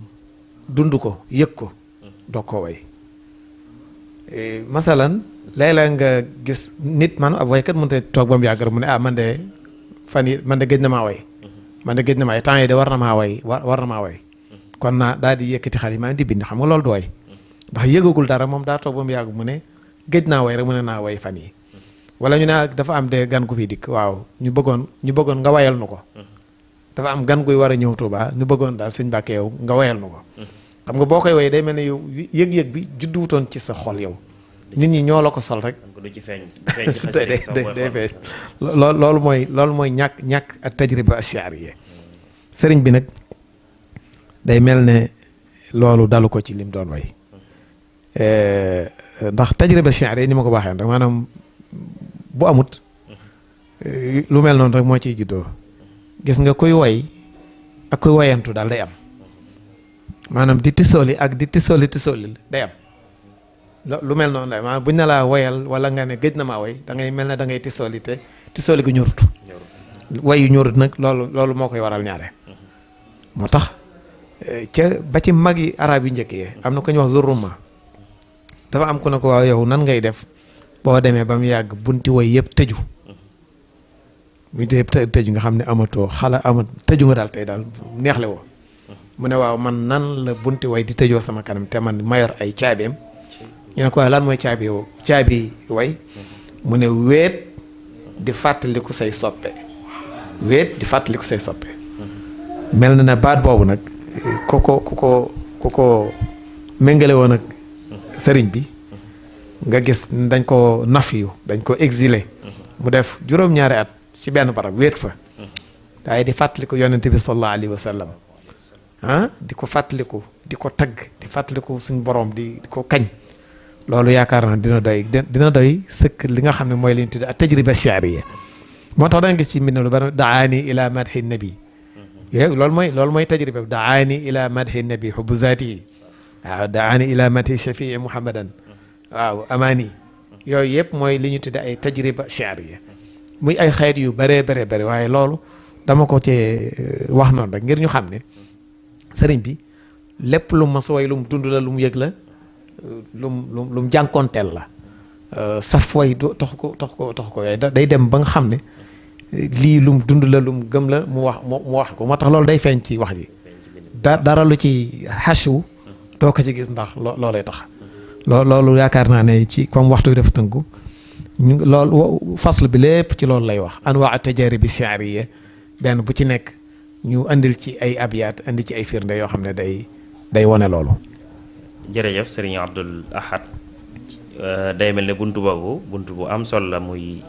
dund ko yëg ko doo ko way eh, masalan léeg-léeg nga gis nit man ab waykat mënut a toog ba mu yàgg rek mu ne ah man de fan yi man de gëj na maa way mm-hmm. man de gëj na maa temps yi de war na maa way war war na maa mm-hmm. kon naa daal di yëkkati xal yi maa di bind xam nga loolu du way mm-hmm. ndax yëgagul dara moom daa toog ba mu yàgg mu ne géej naa way rek mu ne naa way fan yi wala ñu ne ah, dafa am de gan gu fii dikk waaw ñu bëggoon ñu bëggoon nga wayal nu ko dafa am gan guy war a ñëw Tuuba ñu bëggoon daal sëñ Mbàkke yow nga wayal nu ko xam nga boo koy way day mel ne yëg-yëg bi judduwutoon ci sa xol yow nit ñi ñoo la ko sol rek. day day feeñ lool loolu mooy loolu mooy ñàkk ñàkk ak tajriba ashariya sëriñ bi nag day mel ne loolu dalu ko ci lim doon way eh, ndax tajriba shariya ni ma ko waxee rek maanaam bu amut eh, lu mel noonu rek moo ciy juddoo gis nga kuy way ak kuy wayantu daal day am maanaam di tisooli ak di tisooli tisooli day am lu mel noonu la bu buñ ne laa woyal wala nga ne gëj na maa woy da ngay mel ne da ngay tisoolite tisooli gu ñorut wayu ñorut nag loolu loolu moo koy waral ñaare moo tax eh, ca ba ci mag yi arab yu njëkk yi am na ko ñu wax zurruma dafa am ku ne ko waaw yow nan ngay def boo demee ba mu yàgg bunti woy yëpp tëju bunti yëpp tëju nga xam ne amatoo xala amat tëju nga daal tey daal neexle woo mu ne waaw man nan la bunti woy di tëjoo sama kanam te man mayor ay caabeem ñu ne ko lan mooy caabi yow caabi way mu ne wéet di fàttaliku say soppe wéet di fàttaliku say soppe mel na ne baat boobu nag ku ko ku ko ku ko méngale woon ak sëriñ bi nga gis dañ ko nafiyu dañ ko exilé mu def juróom-ñaari at ci benn barab wéet fa waaye di fàttaliku yonent bi sallallahu alayhi wa sallam ah, di ko fàttaliku di ko tagg di fàttaliku suñ borom di ko kañ loolu yaakaar na dina doy dina doy sëkk li nga xam ne mooy li ñu tuddee tajriba charia moo tax danga ci mbind lu daani ila madhi nabi yooyu loolu mooy loolu mooy tajriba daani ila madhi nabi xubbu zaati waaw daani ila madhi shafii muhammadan waaw amaani yooyu yëpp mooy li ñu tuddee ay tajriba charia muy ay xeet yu bëree bëree bëri waaye loolu dama ko cee wax noonu rek ngir ñu xam ne sëriñ bi lépp lu mas way lu mu dund la lu mu yëg la lum lum lum jànkoonteel la euh, saf way du tax ko tax ko tax ko yooyu day dem ba nga xam ne lii lum dund la lum gëm la mu wax mu wax ko moo tax loolu day feeñ ci wax ji da dara lu ci xasu doo ko ci gis ndax loo loolay tax loo loolu yaakaar naa ne ci comme waxtu bi dafa tënku ñu loolu bi lépp ci loolu lay wax anwaa tajaaribi shi'riyya benn bu ci nekk ñu indil ci ay abyaat andi ci ay firnde yoo xam ne day day wone loolu jërëjëf sëriñ Abdul Ahad euh, day mel ne bunt boobu bunt bu am solo la muy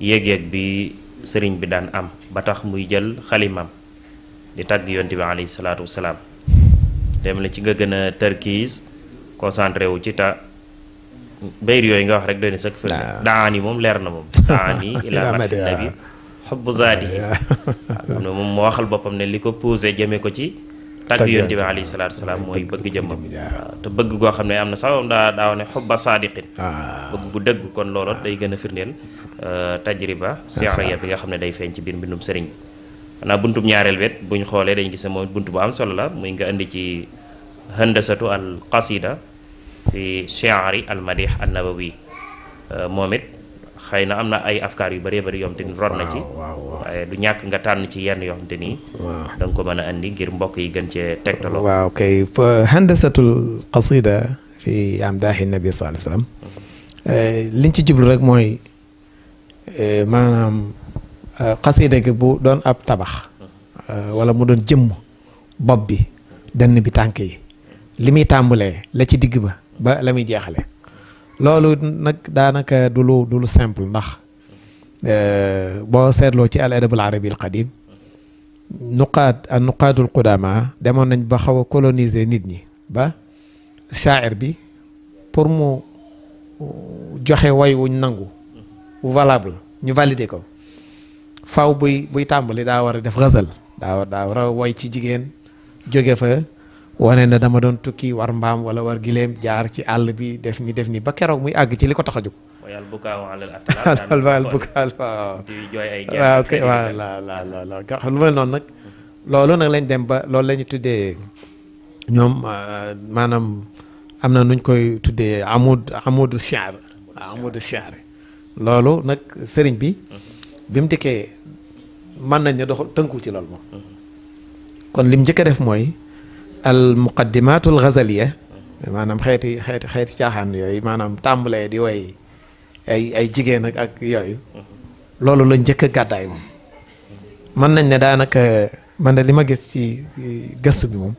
yéeg-yéeg bi sëriñ bi daan am ba tax muy jël xalimam di tàgg yonte bi alayhi salaatu wasalaam day mel ne ci nga gën a tërkiis concentré wu ci ta bayr yooyu nga wax rek doy na sëkk fële daani moom leer na moom daani ilaa nabi xobbu zaati yi moom moo waxal boppam ne li ko posé jëme ko ci tagg yonte bi alayhi salaatu salaam mooy bëgg jëmmam te bëgg goo xam ne am na sax daa daaw ne bëgg gu dëgg kon looloo ah. day gën a firndeel eh, tajriba siariya bi nga xam ne day feeñ ci biir mbindum sëriñ bi xanaa buntum ñaareel bet buñ xoolee dañ gis ne moom bu am solo la muy nga indi ci handasatu al qasida fi shiari al madih an nabawi eh, moom xëy amna ay afkar yu bari bari yo xamanteni ron na ci waaye du ñak nga tan ci yenn yo xamanteni da nga ko mëna andi ngir mbokk yi gën ci tektalo waaw kay fa handasatul qasida fi amdahi nabi sallallahu alayhi wasallam mhm. eh, liñ ci jublu rek mooy eh, manam eh, qasida gi bu doon ab tabax wala mu doon jëm bopp bi dënn bi tànk yi li la ci digg ba ba lamuy loolu nag daanaka du lu du lu simple ndax euh, boo seetloo ci al adab al arabi al qadim nuqaat ak nuqaatul qudama demoon nañ ba xaw a coloniser nit ñi ba shaair bi pour mu euh, joxe way wuñ nangu valable ñu valider ko faw buy buy tàmbali daa war a def ghazal daa war a way ci jigéen jóge fa wane na dama doon tukki war mbaam wala war gileem jaar ci àll bi def ni def ni ba keroog muy àgg ci li ko tax a jóg. al bukaal waaw waaw kay waaw la noonu nag loolu nag lañ dem ba loolu la ñu tuddee ñoom euh, maanaam am na nuñ koy tuddee amud amudu siyaar loolu nag sëriñ bi bi mu dikkee mën nañ ne dox tënku ci loolu moom mm-hmm. kon lim njëkk a def mooy al muqaddimatul ghazaliya maanaam xeeti xeeti xeeti caaxaan yooyu maanaam tàmbalee di way ay ay jigéen ak ak yooyu loolu la njëkk a gàddaay moom mën nañ ne daanaka man de li ma gis ci gëstu bi moom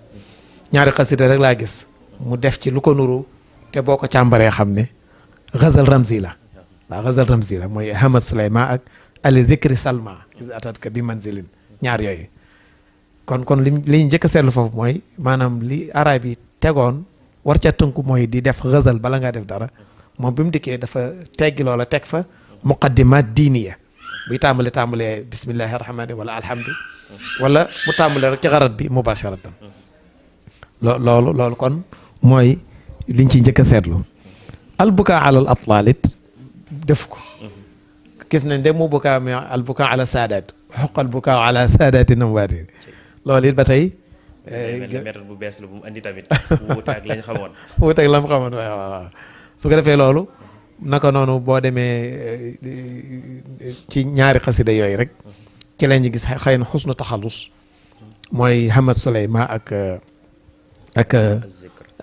ñaari xasida rek laa gis mu def ci lu ko nuru te boo ko càmbaree xam ne ghazal ramzi la waaw ghazal ramzi la mooy Ahmad Souleymane ak ali zikri salma is atat ka bi manzilin ñaar yooyu kon kon li li ñu njëkk a seetlu foofu mooy li arab yi tegoon war ca tënku moy di def ghazal bala nga def dara mom bimu mu dafa teggi lola tek fa muqaddimat diiniya buy tamale tàmbalee bismillahi rahmaani wala alhamdu wala mu tamale rek ci xarat bi mubasharatan lolu lolu kon moy liñ ci njëkk a seetlu albuka alal atlaalit def ko gis nañ dem mu buka mais albuka ala saadaat xoq albuka ala saadaati namwaati loolu it ba tey. méthode eh, bu bees la bu mu andi tamit. wuuteeg lañ xamoon. wuuteeg la mu xamoon waaw waaw su ko defee loolu. naka noonu boo demee eh, eh, ci ñaari xasida yooyu rek. ci lañ gis xëy na xusnu taxallus. mooy Hamad Souleymane ak ak.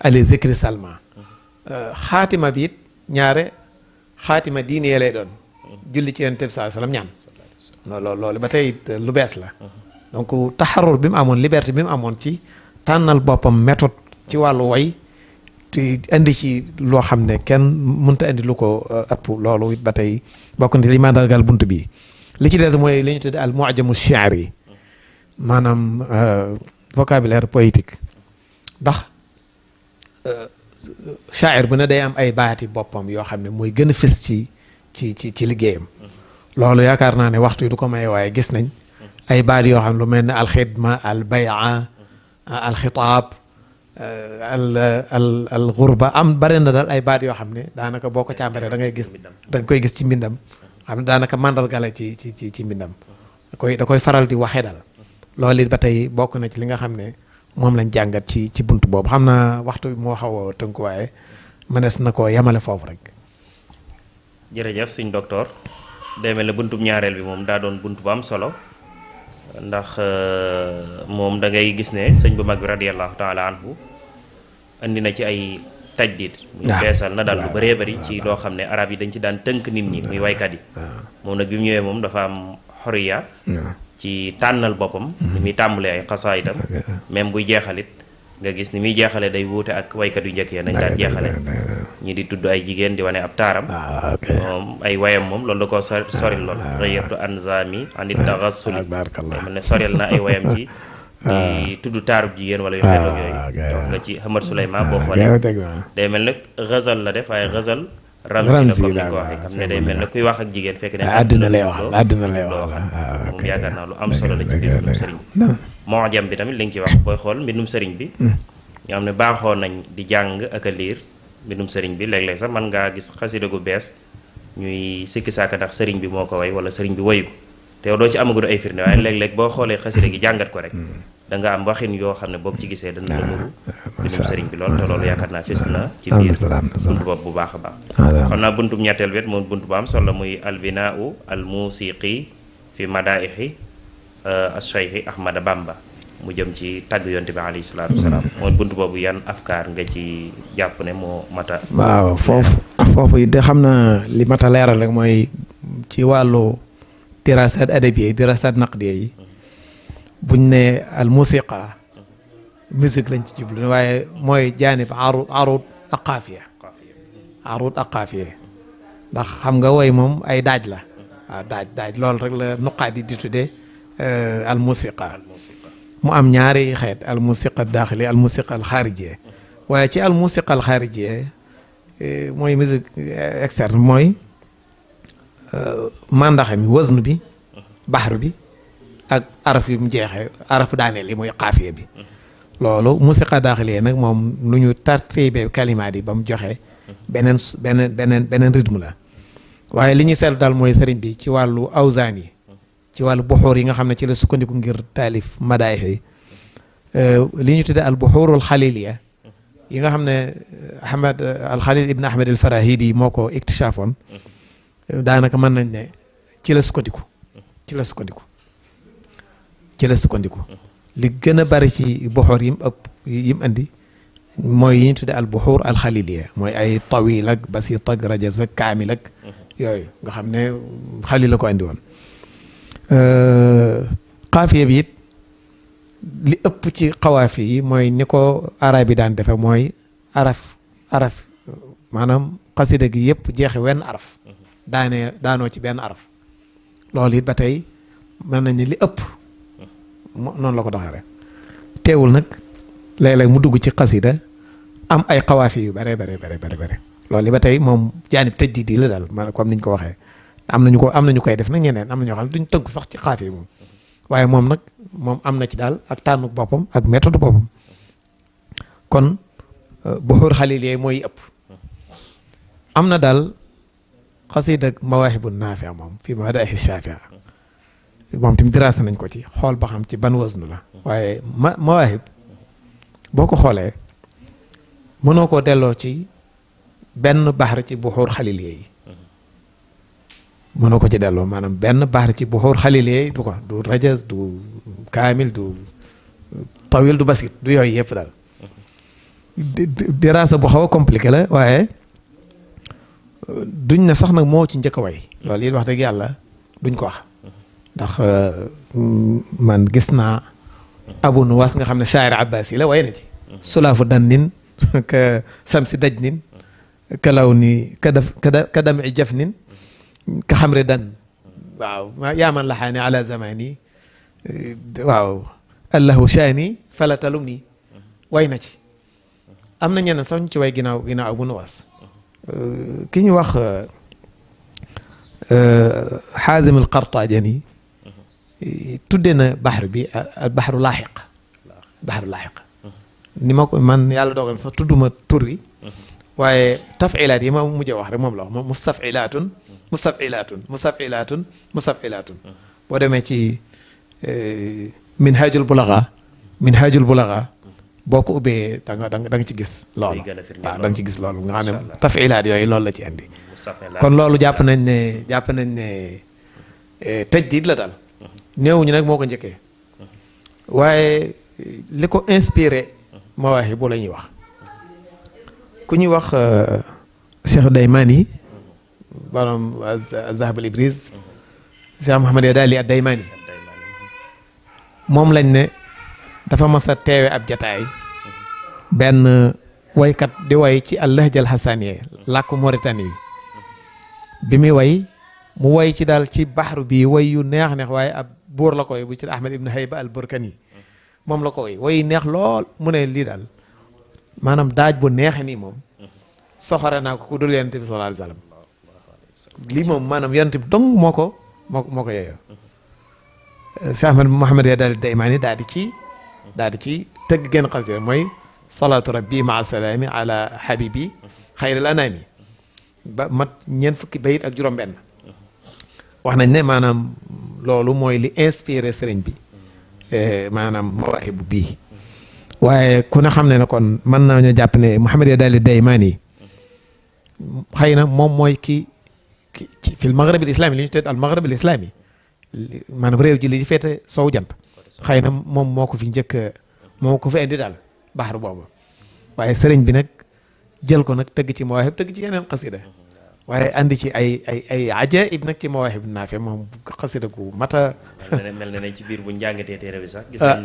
Ali Zikri Salma. xaatima bi it ñaare xaatima diine lay doon. Mm-hmm. julli ci yonent bi saa salaam ñaan. loolu loolu ba tey lu bees la. Mm-hmm. donc taxarur bi mu amoon liberté bi mu amoon ci tànnal boppam méthode ci wàllu way te indi ci loo xam ne kenn mënta indi lu ko euh, ëpp loolu ba tey bokk na li mandargal bunt bi li ci des mooy li ñu tuddee al muajamu shi'ar yi maanaam euh, vocabulaire poétique ndax euh, shaa'ir bu ne day am ay baati boppam yoo xam ne mooy gën a fës ci ci ci ci liggéeyam loolu yaakaar naa ne waxtu yi du ko may waaye gis nañ ay baat yoo xam lu mel ne alxidma al alxitaab al al al xurba am bare na daal ay baat yoo xam ne daanaka boo ko càmbaree da ngay gis da nga koy gis ci mbindam xam ne daanaka màndarga ci ci ci ci mbindam da koy da koy faral di waxe daal loolu it ba tey bokk na ci li nga xam ne moom lañ jàngat ci ci bunt boobu xam naa waxtu moo xaw a tënku waaye mënees na koo yemale foofu rek. jërëjëf suñ docteur day mel buntu ñaareel bi moom daa doon buntu bu am solo. ndax euh, moom dangay gis ne sëñ bu mag bi radiallahu taala anhu andi na ci ay tajdid muy beesal ah. na daal lu ah. bëree bëri ci ah. loo xam ne arab yi dañ ci daan tënk nit ñi muy waykat yi moom nag bi mu ñëwee moom dafa am xoriya ci tànnal boppam li mm-hmm. muy tàmbulee ay xasaayit même buy jeexalit nga gis ni muy jeexale day wuute ak waykat yu njëkk ya nañ daan jeexale ñi di tudd ay jigéen di wane ab taaram ah, moom ay wayam moom loolu da koo sori ah, soril lool ah. rayatu anzami anit taxasuli mën ne soril na ay wayam ci di tudd taarub jigéen wala yu xeetoog yooyu donc nga ci Hamad Souleymane boo xoolee day mel nag xazal la def waaye xazal Ramzy la ko waxee xam ne day mel ne kuy wax ak jigéen fekk ne ah, àddina lay wax àddina lay ah, moom yaakaar naa lu am solo la ci mbindum sëriñ bi moo jam bi tamit li nga wax ah. booy xool mbindum sëriñ bi ñoo hmm. xam ne baaxoo nañ di jàng ak liir mbindum sëriñ bi léeg-léeg sax man ngaa gis xasida gu bees ñuy sikki saaka ndax sëriñ bi moo ko way wala sëriñ bi wayu ko te doo ci amagul ay firnde waaye léeg-léeg boo xoolee xasida gi jàngat ko rek hmm. da nga am waxin yo xamne bok ci gisee dañ la nuru ah, ah, binum sëriñ bi lool te loolu yaakaar naa na ci biir bu baax ba xamna buntu ñettel wet mo buntu ba am solo muy albinau al musiqi fi euh, as-shaykh ahmad bamba mu jëm ci tag yonte bi alayhi salatu wasalaam hmm. mo buntu bobu yan afkar nga ci japp ne mo mata waaw fofu fofu yi de xamna li mata leral rek moy ci walu dirasat adabiye dirasat buñ ne al musiqa musique lañ ci jublu waaye mooy jaanib arut arut ak xaafiya arut ak xaafiya ndax xam nga woy moom ay daaj la waaw daaj daaj loolu rek la nuqaat yi di tuddee al musiqa mu am ñaari xeet al musiqa daaxili al musiqa al xaarijiya waaye ci al musiqa al xaarijiya mooy musique externe mooy mandaxa mi wazn bi baxru bi ak araf yi mu jeexee arafu daaneel yi muy xaafiya bi loolu musiqa daaxilee nag moom nu ñu tartiibee yi ba joxe beneen beneen beneen beneen rythme la waaye li ñuy seetlu daal mooy bi ci wàllu awsaan ci wàllu buxuur yi nga xam ci la sukkandiku ngir taalif madaayix yi li ñu al buxuurul xaliliya yi nga xam ne al Xalil ibn Ahmed al Farahidi moo ko iktishaafoon daanaka nañ ne ci la sukkandiku ci la sukkandiku ci la sukkandiku li gën a bari ci boxoor yim ëpp yim andi mooy yi ñu tudde al buxuur al xaliliya mooy ay tawil ak basit ak rajas ak kaamil ak yooyu nga xam ne xalil la andi woon xaafiya bi li ëpp ci xawaafi yi mooy ni ko arab yi daan defe mooy araf araf maanaam xasida gi yëpp jeexe wenn araf daanee daanoo ci benn araf loolu it ba tey mën nañu li ëpp non la ko doxalee teewul nak lay lay mu dugg ci qasida am ay qawafi yu bare bare bare bare bare loolu li ba tey moom jaanib tëj di di la daal ma comme niñ ko waxe am nañu ko am nañu koy def nak ñeneen am na xal duñ tënk sax ci qafi mom waye mom nak mom moom am na ci dal ak tànnu bopam ak méthode bopam kon buhur khalil ye moy ep amna dal qasida xasiid ak mawaahibu naafia moom fii ma moom tamit diraasa nañ ko ci xool ba xam ci ban wasnu la waaye ma mawaahib boo ko xoolee mënoo koo delloo ci benn baxar ci buxuur xalil yi mënoo ko ci delloo maanaam benn baxar ci buxuur xalil yi du ko du rajas du kaamil du tawil du basit du yooy yëpp daal diraasa bu xaw a compliqué la waaye duñ na sax nag moo ci njëkk way loolu it wax dëgg yàlla duñ ko wax ndax man gis naa abu nuwaas nga xam ne shaayir abbaas la way na ci sulaafu dan nin ka samsi daj nin ka law ni ka def ka dam i jaf nin ka xamre dan waaw yaa man laxaani ala zamani waaw allahu shaani fala talum nii way na ci am na ñeneen sax ñu ci way ginnaaw ginnaaw abu nuwaas ki ñu wax حازم القرطاجني tudde na baxar bi baxaru laaxiq baxaru laaxiq ni ma ko man yàlla dogal sax tudduma tur wi waaye tafilaat yi ma mujj wax rek moom la wax moom mustafilaatun mustafilaatun mustafilaatun mustafilaatun boo demee ci minhajul bulaga minhajul bulaga boo ko ubbee da nga da nga ci gis loolu waaw da nga ci gis loolu nga xam ne tafilaat yooyu loolu la ci indi kon loolu jàpp nañ ne jàpp nañ ne tëj diit la daal néewuñu nag moo ko njëkkee waaye li ko inspiré mawaahibu la ñuy wax ku ñuy wax Cheikh Daymani borom Zahab al Ibriz Cheikh Mouhamad Yadaali ak Daymani moom lañ ne dafa mas a teewe ab jataay benn waykat di way ci al-lahja al-hasaniya làkku Mauritanie bi muy way mu way ci daal ci baxru bi way yu neex neex waaye ab buur la ko woy bu ci Ahmed ibn Hayba al Burkani moom la ko woy woy neex lool mu ne lii daal maanaam daaj bu neexe nii moom soxore naa ko dul yonent sallallahu alayhi wasallam lii moom maanaam yonent dong moko ko moo moo ko yeyoo Cheikh Ahmed Mouhamed ya daal daymaani daal di ci daal ci tëgg genn xasida mooy salaatu rabbi maa salaami ala habibi xayril anaami ba mat ñeent fukki bayit ak juróom benn wax nañ ne maanaam loolu mooy li inspiré sëriñ bi maanaam mawaahibu bii waaye ku na xam ne ne kon mën naa ñu jàpp ne Mouhamed Dali Daymaani xëy na moom mooy ki ci fil maghrib al islami li ñu tudd al maghrib al islami maanaam réew ji li ci féete sow jant xëy na moom moo ko fi njëkk moo ko fi indi daal baxar boobu waaye sëriñ bi nag jël ko nag tëgg ci mawaahib tëgg ci yeneen qasida waaye àndi ci ay ay ay ajaib nag ci mawaahib naafi moom xasida gu mata mel na ne ci biir bu njàngatee téere bi sax gis ah.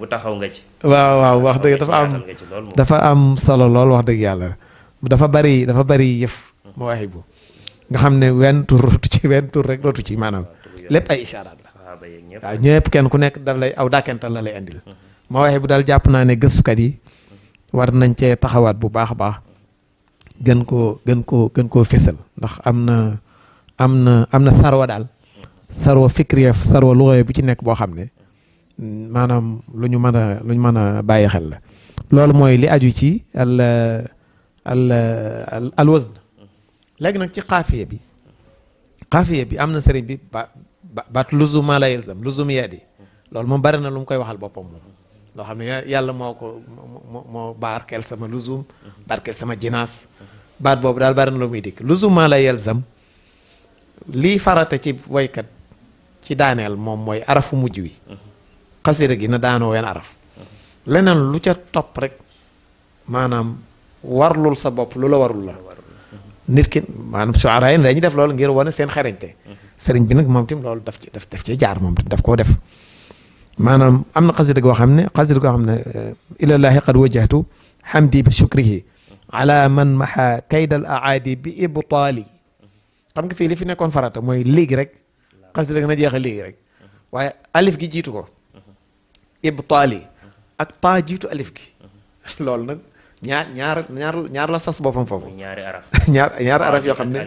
bu taxaw nga ci waaw waaw wax dëgg dafa am dafa am solo lool wax dëgg yàlla dafa bari dafa bari yëf mawaahib bu nga xam ne wenn tur rotu ci wenn tur rek rotu ci maanaam lépp ay ishaaraat la waaw kenn ku nekk daf lay aw dàkkental la lay indil mawaahib mhm. bu daal jàpp naa ne gëstukat yi mhm. war nañ cee taxawaat bu baax a baax gën koo gën koo gën koo fésal ndax am na am na am na sarwa daal sarwa fikriya sarwa luxoya bu ci nekk boo xam ne maanaam lu ñu mën a lu ñu mën a bàyyi xel la loolu mooy li aju ci al al al wazn léegi nag ci xaafiya bi xaafiya bi am na sëriñ bi ba baat luzum maa la yelzam luzum yeedi loolu moom bari na lu mu koy waxal boppam moom loo xam ne yàlla moo ko moo moo barkeel sama luzum barkeel sama jinaas baat boobu daal bari na lu muy dikk luzum maa la yelzam lii farata ci woykat ci daaneel moom mooy arafu mujj wi xasida gi na daanoo wenn araf leneen lu ca topp rek maanaam warlul sa bopp lu la warul la nit ki maanaam suara yi dañuy def loolu ngir wane seen xarañte sëriñ bi nag moom tim loolu daf ci daf daf ci jaar moom daf koo def maanaam am na xasida goo xam ne xasida goo xam ne ilallaahi qad wajjahtu hamdi bi shukrihi ala man maha kaydal aadi bi ibtaali xam nga fii li fi nekkoon farata mooy léegi rek xasida ga na jeexa léegi rek waaye alif gi jiitu ko ibtaali ak taa jiitu alif gi loolu nag ñaar ñaar ñaar ñaar la sas boppam foofu ñaari araf ñaar ñaari araf yoo xam ne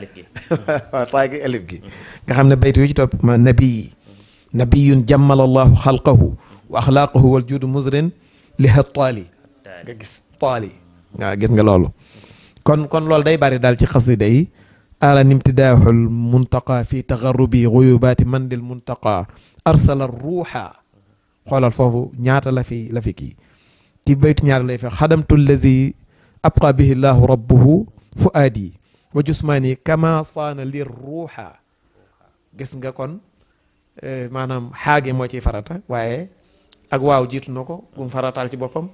waaw taa gi alif gi nga xam ne baytu yu ci topp ma nabi yi nabiyun jàmmal allahu xalqahu wa axlaaqahu wal juudu musrin liha taali nga gis taali waaw gis nga loolu kon kon loolu day bari daal ci xasida yi ala nimtidaaxul muntaqa fi taxarubi guyubaati mandil muntaqa arsala ruuxa xoolal foofu ñaata la fi la fi kii ci baytu ñaata lay fa xadamtu lazi abqa bihi llahu rabbuhu fuaadi wa jusmaani kama saana lir ruuxa gis nga kon Eh, maanaam xaage moo ciy farata waaye ak waaw jiitu na ko gum farataal ci boppam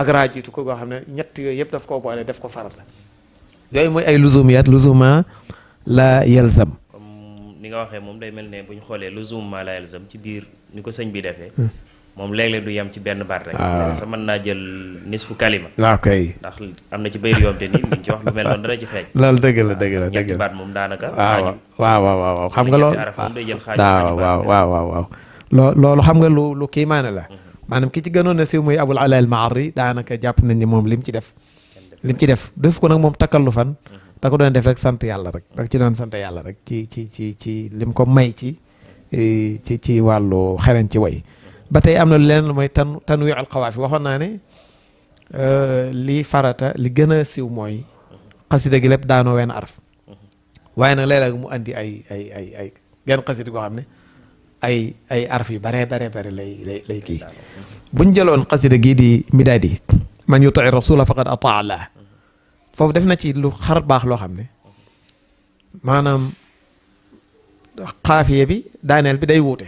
ak raa jiitu ko goo xam ne ñett yooyu yëpp daf koo boole def ko farata yooyu mooy ay lu luzumiyaat luzuma la yalzam comme ni nga waxee moom day mel ne bu ñu xoolee luzuma la yalzam ci biir ni ko sëñ bi defee hmm. moom léeg du yem ci benn baat rek. Ah. naa jël nisfu kalima. waaw ah, ndax am na ci bayir yoom te ni mu ci loolu la dëgg la moom daanaka. waaw ah, xam nga loolu. waaw waaw waaw waaw loo loolu xam nga lu lu kii maane la. Mhm. maanaam ki ci gënoon a siiw muy abul ala al maari daanaka jàpp nañ ni moom lim ci def. lim ci def def ko nag moom takkal takkalu fan. Mhm. da ko doon def rek sant yàlla rek da ci doon sant yàlla rek ci ci ci ci lim ko may ci eh, ci ci wàllu xereñ ci way batay amna am na leneen lu tan tanwi al qawafi waxon na ne euh li farata li gëna siw moy qasida gi lépp daanoo wenn araf waaye nag léeg-léeg mu andi ay ay ay ay gën qasida go xamne ay ay arf yu bare bare bare lay lay ki buñ jëlon qasida gi di midadi man yutii rasul faqad ataa allah foofu def na ci lu xar bax lo xamne manam maanaam xaafiye bi daaneel bi day wuté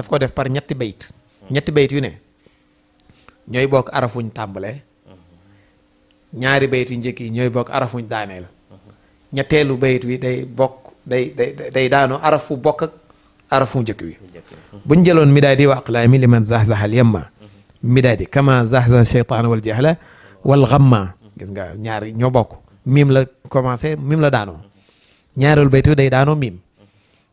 daf ko def par ñetti bayit ñetti bayit yu ne ñoy bok arafuñ tàmbale ñaari bayit yu njëkk ñoy bok arafuñ daanel ñettelu bayit wi day bok day day daano arafu bok ak arafu njëkk wi buñ jëloon midaadi wa aqlaami liman zahzaha al yamma yemma midaadi kama zahza shaytan wal jahla wal ghamma gis nga ñaari ño bok mim la commencé mim la daano ñaarul bayit wi day daano mim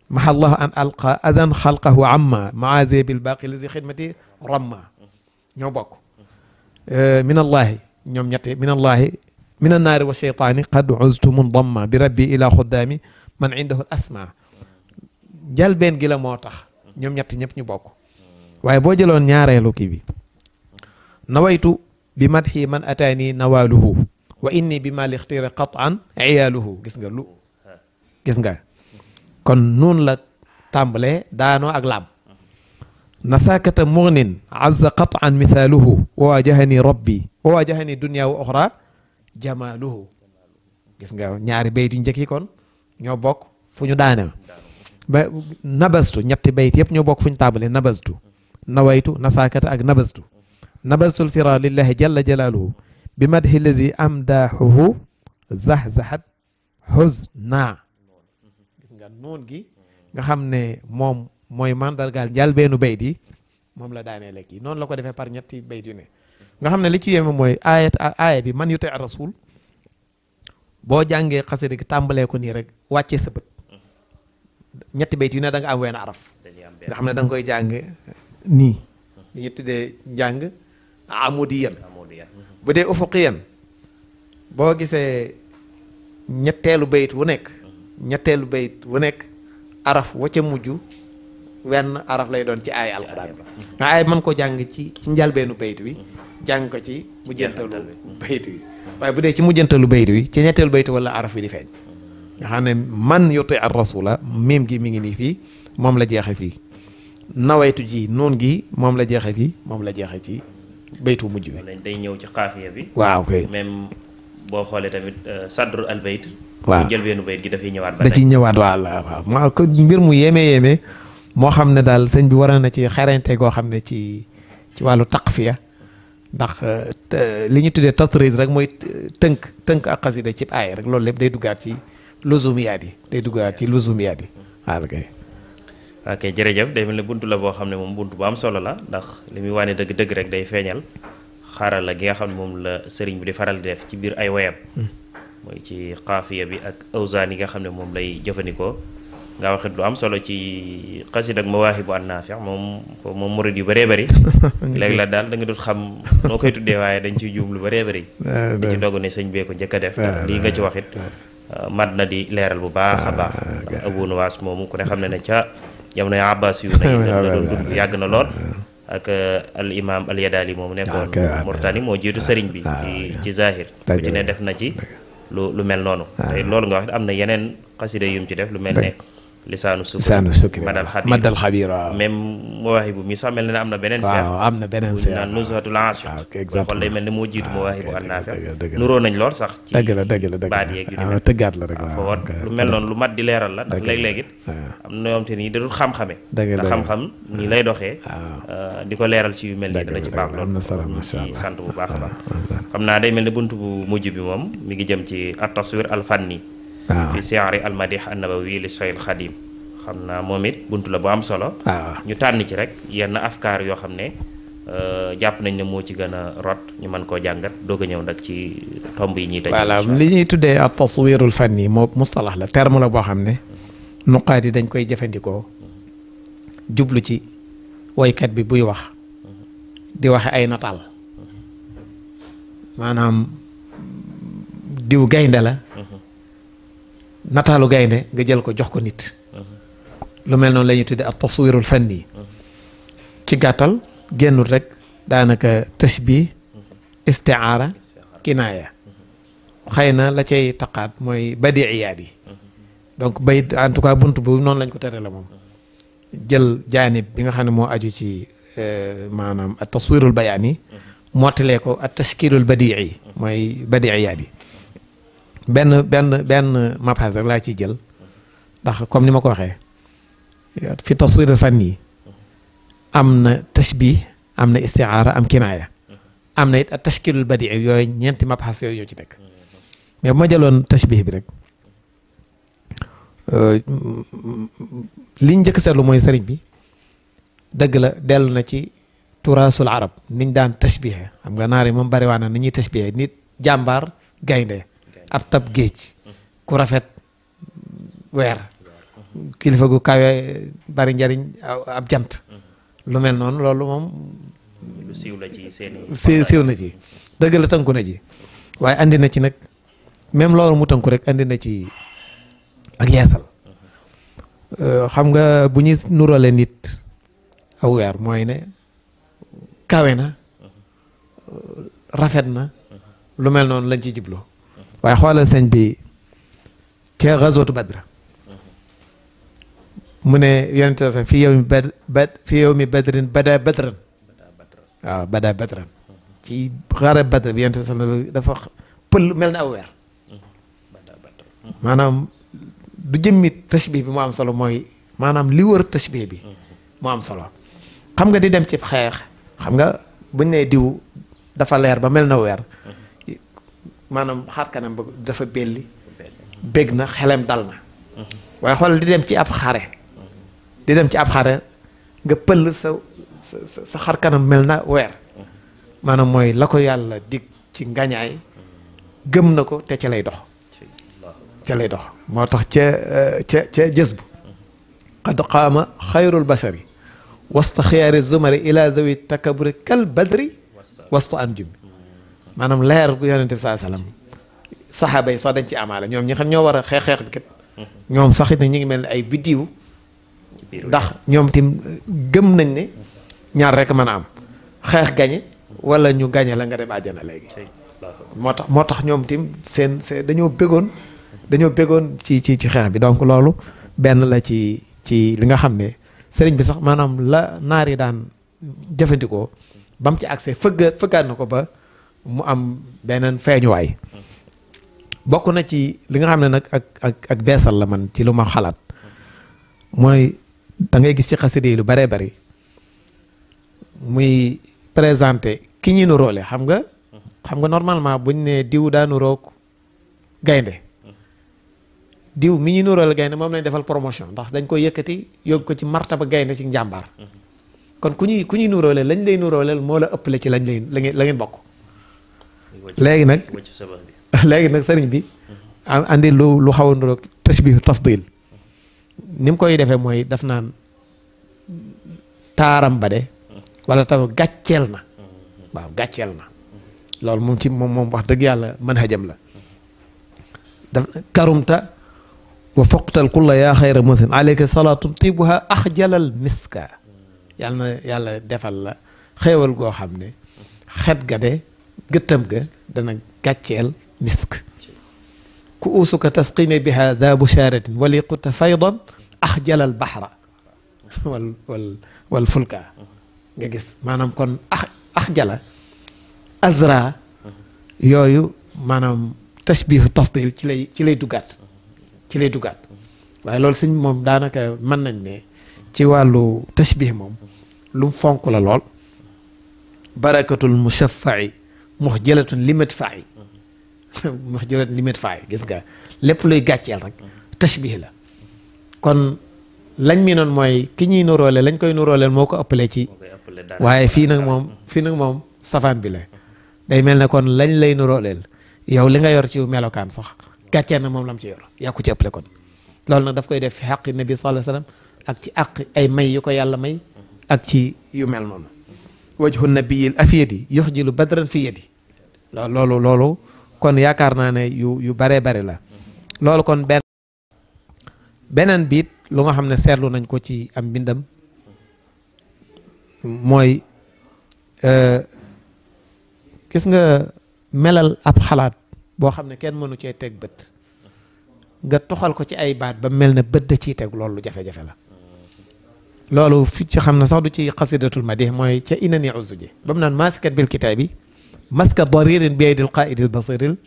maha allah an alqa adan xalqahu amma maaze bil baqi li si xidmati ramma ñoo bokk euh, min allahi ñoom ñette min allahi min annaari wa cheytaani qad uztu mun damma bi rabbi ila xuddaami man indahu l asma njalbeen gi la moo tax ñoom ñett ñëpp ñu bokk waaye boo jëloon ñaareelu kii bi nawaytu bi madxi man ataani nawaaluhu wa inni bi ma lixtira qatan iyaaluhu gis nga lu gis nga kon nuun la tàmbalee daanoo ak laam nasakata mugnin azza qatan mithaaluhu wa waajahani rabbi wa waajahani dunya wa oxra jamaaluhu gis nga ñaari bayt yu njëkk yi kon ñoo bokk fu ñu daane ba nabastu ñetti bayt yëpp ñoo bokk fu ñu tàmbalee nabastu nawaytu nasakata ak nabastu nabastu lfira lillahi jalla jalaaluhu bi madhi lazi amdaahuhu zahzahat huzna nuun gi mm. nga xam ne moom mooy mandargaal njëlbeenu bayt yi moom la daaneele kii noonu la ko defee par ñetti bayt yu ne nga xam ne li ci yéeme mooy aayat aaya bi man yu yuti rasul boo jàngee xasida gi tàmbalee ko nii rek wàccee sa bët ñetti bayt yu ne da nga am wenn araf nga xam ne danga koy jàng nii li ñu tuddee njàng amudiyan bu dee ufuqiyan boo gisee ñetteelu bayt wu nekk ñetteelu bayit bu nekk araf wa ca mujj wenn araf lay doon ci ay alxuraan nga ay mën koo jàng ci ci njalbeenu bayit wi jàng ko ci mujjantalu bayit wi waaye bu dee ci mujjantalu bayit wi ci ñetteelu bayit wala araf wi di feeñ man yuti ar rasula miim gi mi ngi nii fii moom la jeexe fii nawetu ji noon gi moom la jeexe fii moom la jeexe ci baytu mujj bi day ñëw ci xaafiya bi waaw kay boo xoolee tamit euh, sadrul albayt waaw jël benn bayit gi dafay ñëwaat. da ciy ñëwaat waaw waaw ma ko mbir mu yéeme yéeme moo xam ne daal sëñ bi waroon na ci xarañte goo xam ne ci ci wàllu taqfiya ndax euh, li ñu tuddee tatris rek mooy tënk tënk ak xasida ci aay rek loolu lépp day duggaat ci luzumiyaat yi day duggaat ci luzumiyaat yi waaw kay. jërëjëf day mel buntu la boo xam ne buntu bu am solo la ndax li muy wane dëgg-dëgg rek day feeñal xaaral la gi nga xam ne moom la sëriñ bi di faral di def ci biir ay woyam. Hmm. mooy ci xaafiya bi ak awsaan yi nga xam ne moom lay jëfandikoo nga waxit lu am solo ci xasid ak mawaahibu annaafi ah, moom moom murid yu bëree bëri léegi la daal danga nga dut xam noo koy tuddee waaye dañ ci juum lu bare bëri ah, di ci dogu ne sëñ bee njëkk a def ah, lii nga ci waxit mat na di leeral bu baax a baax abu nuwaas moomu ku ne xam ne ne ca jamonoy abbas yu na la doon yàgg na lool ak al imam al yadaali moomu nekkoon murtani moo jiitu sëriñ bi ci ci lu lu mel noonu. Ah. loolu nga wax am na yeneen xasida yum ci def lu mel ne. lisaanu sukri madal xabiir waaw même mawaahibu mi sax mel na am na beneen seex am na beneen seex naan nuzhatul aashiq ah, xool day mel ne moo jiitu ah, mawaahibu annaafi nuroo nañ lool sax ci dëgg la dëgg la dëgg baat ah, lu mel noonu lu mat di leeral la ndax léeg-léeg it am na yoo xam te nii da dul xam-xame ndax xam-xam lay doxee euh, di ko leeral si yu mel nii dana ci baax lool ci sant bu baax baax xam naa day mel ni bunt bu mujj bi moom mi ngi jëm ci at taswir al fanni Ah. fi siyaari al madih an nabawi li xam khadim xamna momit buntu la bu am solo ah. ñu tan ci rek yenn afkar yo xamne euh japp nañ ne mo ci gëna rot ñu man ko jangat do a ñew nak ci tomb yi ñi tay wala li ñi tuddé at taswirul fan yi moo mustalax la terme la bo xamne ne nuqaat dañ koy jëfëndiko jublu ci kat bi buy wax di wax ay natal manam diw gaynde la nataalu gaynde nga jël ko jox ko nit lu mel noonu la ñuy tudde ak taswirul fanni ci gàttal génnul rek daanaka tasbih istiaara kinaaya xëy na la cay taqaat mooy badiiyaat yi donc bayit en tout cas bunt bu noonu lañ ko tere la moom jël jaanib bi nga xam ne moo aju ci maanaam at taswirul bayaani mottalee ko at tashkilul badii mooy badiiyaat yi benn benn benn mapage rek laa ci jël ndax comme ni ma ko waxee fi taswir fan yi am na tashbih am na istiaara am kinaaya am na it ak tashkilul badii yooyu ñeenti mapage yooyu ñoo ci nekk mais bu ma jëloon tashbih bi rek euh, liñ njëkk seetlu mooy sëriñ bi dëgg la dellu na ci turaasul arab niñ daan tashbihe xam nga naar yi moom bari waa na ni ñuy tashbihe nit jàmbaar gaynde ab tab géej ku rafet weer kilifa gu kawe bari njariñ ab jant lu mel noon loolu moom siiw la na ci dëgg la tënku na ci waaye andi na ci nag même loolu mu tënku rek andi na ci ak yeesal euh, xam nga bu ñuy nurale nit aw weer mooy ne kawe na rafet na lu mel noonu lañ ci jublo waaye xoolal sëñ bi ca gazwatu badra mu ne yonente sax fi yow mi bad bad fi yow mi badrin bada badran waaw bada badran ci xare badra bi yonente sax dafa pël mel na aw weer maanaam du jëmmi tashbih bi mu am solo mooy maanaam li wër tashbih bi mu am solo xam nga di dem ci xeex xam nga buñ ne diw dafa leer ba mel na weer maanaam xar kanam ba dafa belli bég na xelam dal na waaye xool di dem ci ab xare di dem ci ab xare nga pël sa sa sa xar kanam mel na weer maanaam mooy la ko yàlla dig ci ngañaay gëm na ko te ca lay dox ca lay dox moo tax ca euh, ca ca jës bu qad qaama xayrul bashari wasta xiyaari zumari ila zawi takaburi kal badri wasta anjumi maanaam leer gu saa salaam saxaaba yi sax dañ ci amaale ñoom ñi xam ñoo war a xeex xeex bi kat ñoom sax it na ñu ngi mel ni ay biddiw ndax ñoom tim gëm nañ ni ñaar rek mën a am xeex gañe wala ñu gañe la nga dem àjjana léegi moo tax moo tax ñoom tim seen seen dañoo bëggoon dañoo bëggoon ci ci ci xeex bi donc loolu benn la ci ci li nga xam ne sëriñ bi sax maanaam la naar yi daan jëfandikoo ba mu ci accès fëgga fëggaat na ko ba mu am beneen feeñuwaay bokk na ci li nga xam ne nag ak ak ak beesal la man ci lu ma xalaat mooy dangay gis ci xasida yi lu bëree bëri muy présenté ki ñuy nuróole xam nga xam nga normalement buñ ne diw daa nuroog gaynde diw mi ñuy nuróole gaynde moom lañ defal promotion ndax dañ koy yëkkati yóbbu ko ci martaba gaynde ci njàmbaar mm-hmm. kon ku ñuy ku ñuy nuróole lañ lay nuróoleel moo la ëppale ci lañ lay la ngeen bokk léegi nag léegi nag sëriñ bi andi lu lu xaw a niroog tashbihu tafdil ni mu koy defee mooy daf naan taaram ba de wala taw gàcceel na waaw gàcceel na loolu moom ci moom moom wax dëgg yàlla manhajam la daf karumta wa foqtal kulla yaa xayra musin alayka salaatun tibuha axjalal miska yàlla na yàlla defal la xéewal goo xam ne xet ga de gëttam ga dana gàcceel misk ku uusuka tasqini biha da busharatin wali quta faydan ax jalal baxra wal wal wal fulka nga gis maanaam kon ax ax jala azra yooyu maanaam tashbihu tafdil ci lay ci lay duggaat ci lay duggaat waaye loolu si moom daanaka mën nañ ne ci wàllu tashbih moom lu mu fonk la lool barakatul mushaffa'i muxjalatun li madfaayi muxjalatun li madfaayi gis nga lépp luy gàcceel rek tashbih la kon lañ mi noon mooy ki ñuy nuróole lañ koy nuróoleel moo ko ëppale ci waaye fii nag moom fii nag moom safaan bi la day mel ne kon lañ lay nuróoleel yow li nga yor ci melokaan sax gàcceel na moom lam ci yor yaa ko ci ëppale kon loolu nag daf koy def fi xaqi nabi sallallahu alayhi wasallam ak ci àq ay may yu ko yàlla may ak ci yu mel noonu wajhu nabiyil afiyadi yuxjilu badran fi yadi loolu loolu kon yaakaar naa ne yu yu baree bari la loolu kon benn beneen biit lu nga xam ne seetlu nañ ko ci am mbindam mooy euh, gis nga melal ab xalaat boo xam ne kenn mënu cee teg bët nga toxal ko ci ay baat ba mel ne bët da ciy teg loolu jafe-jafe la loolu fi ci xam na sax du ci ma madih mooy ca inani usuji ba mu naan maasikat bil kitaabi maska daririn bi aydil qaidil basiril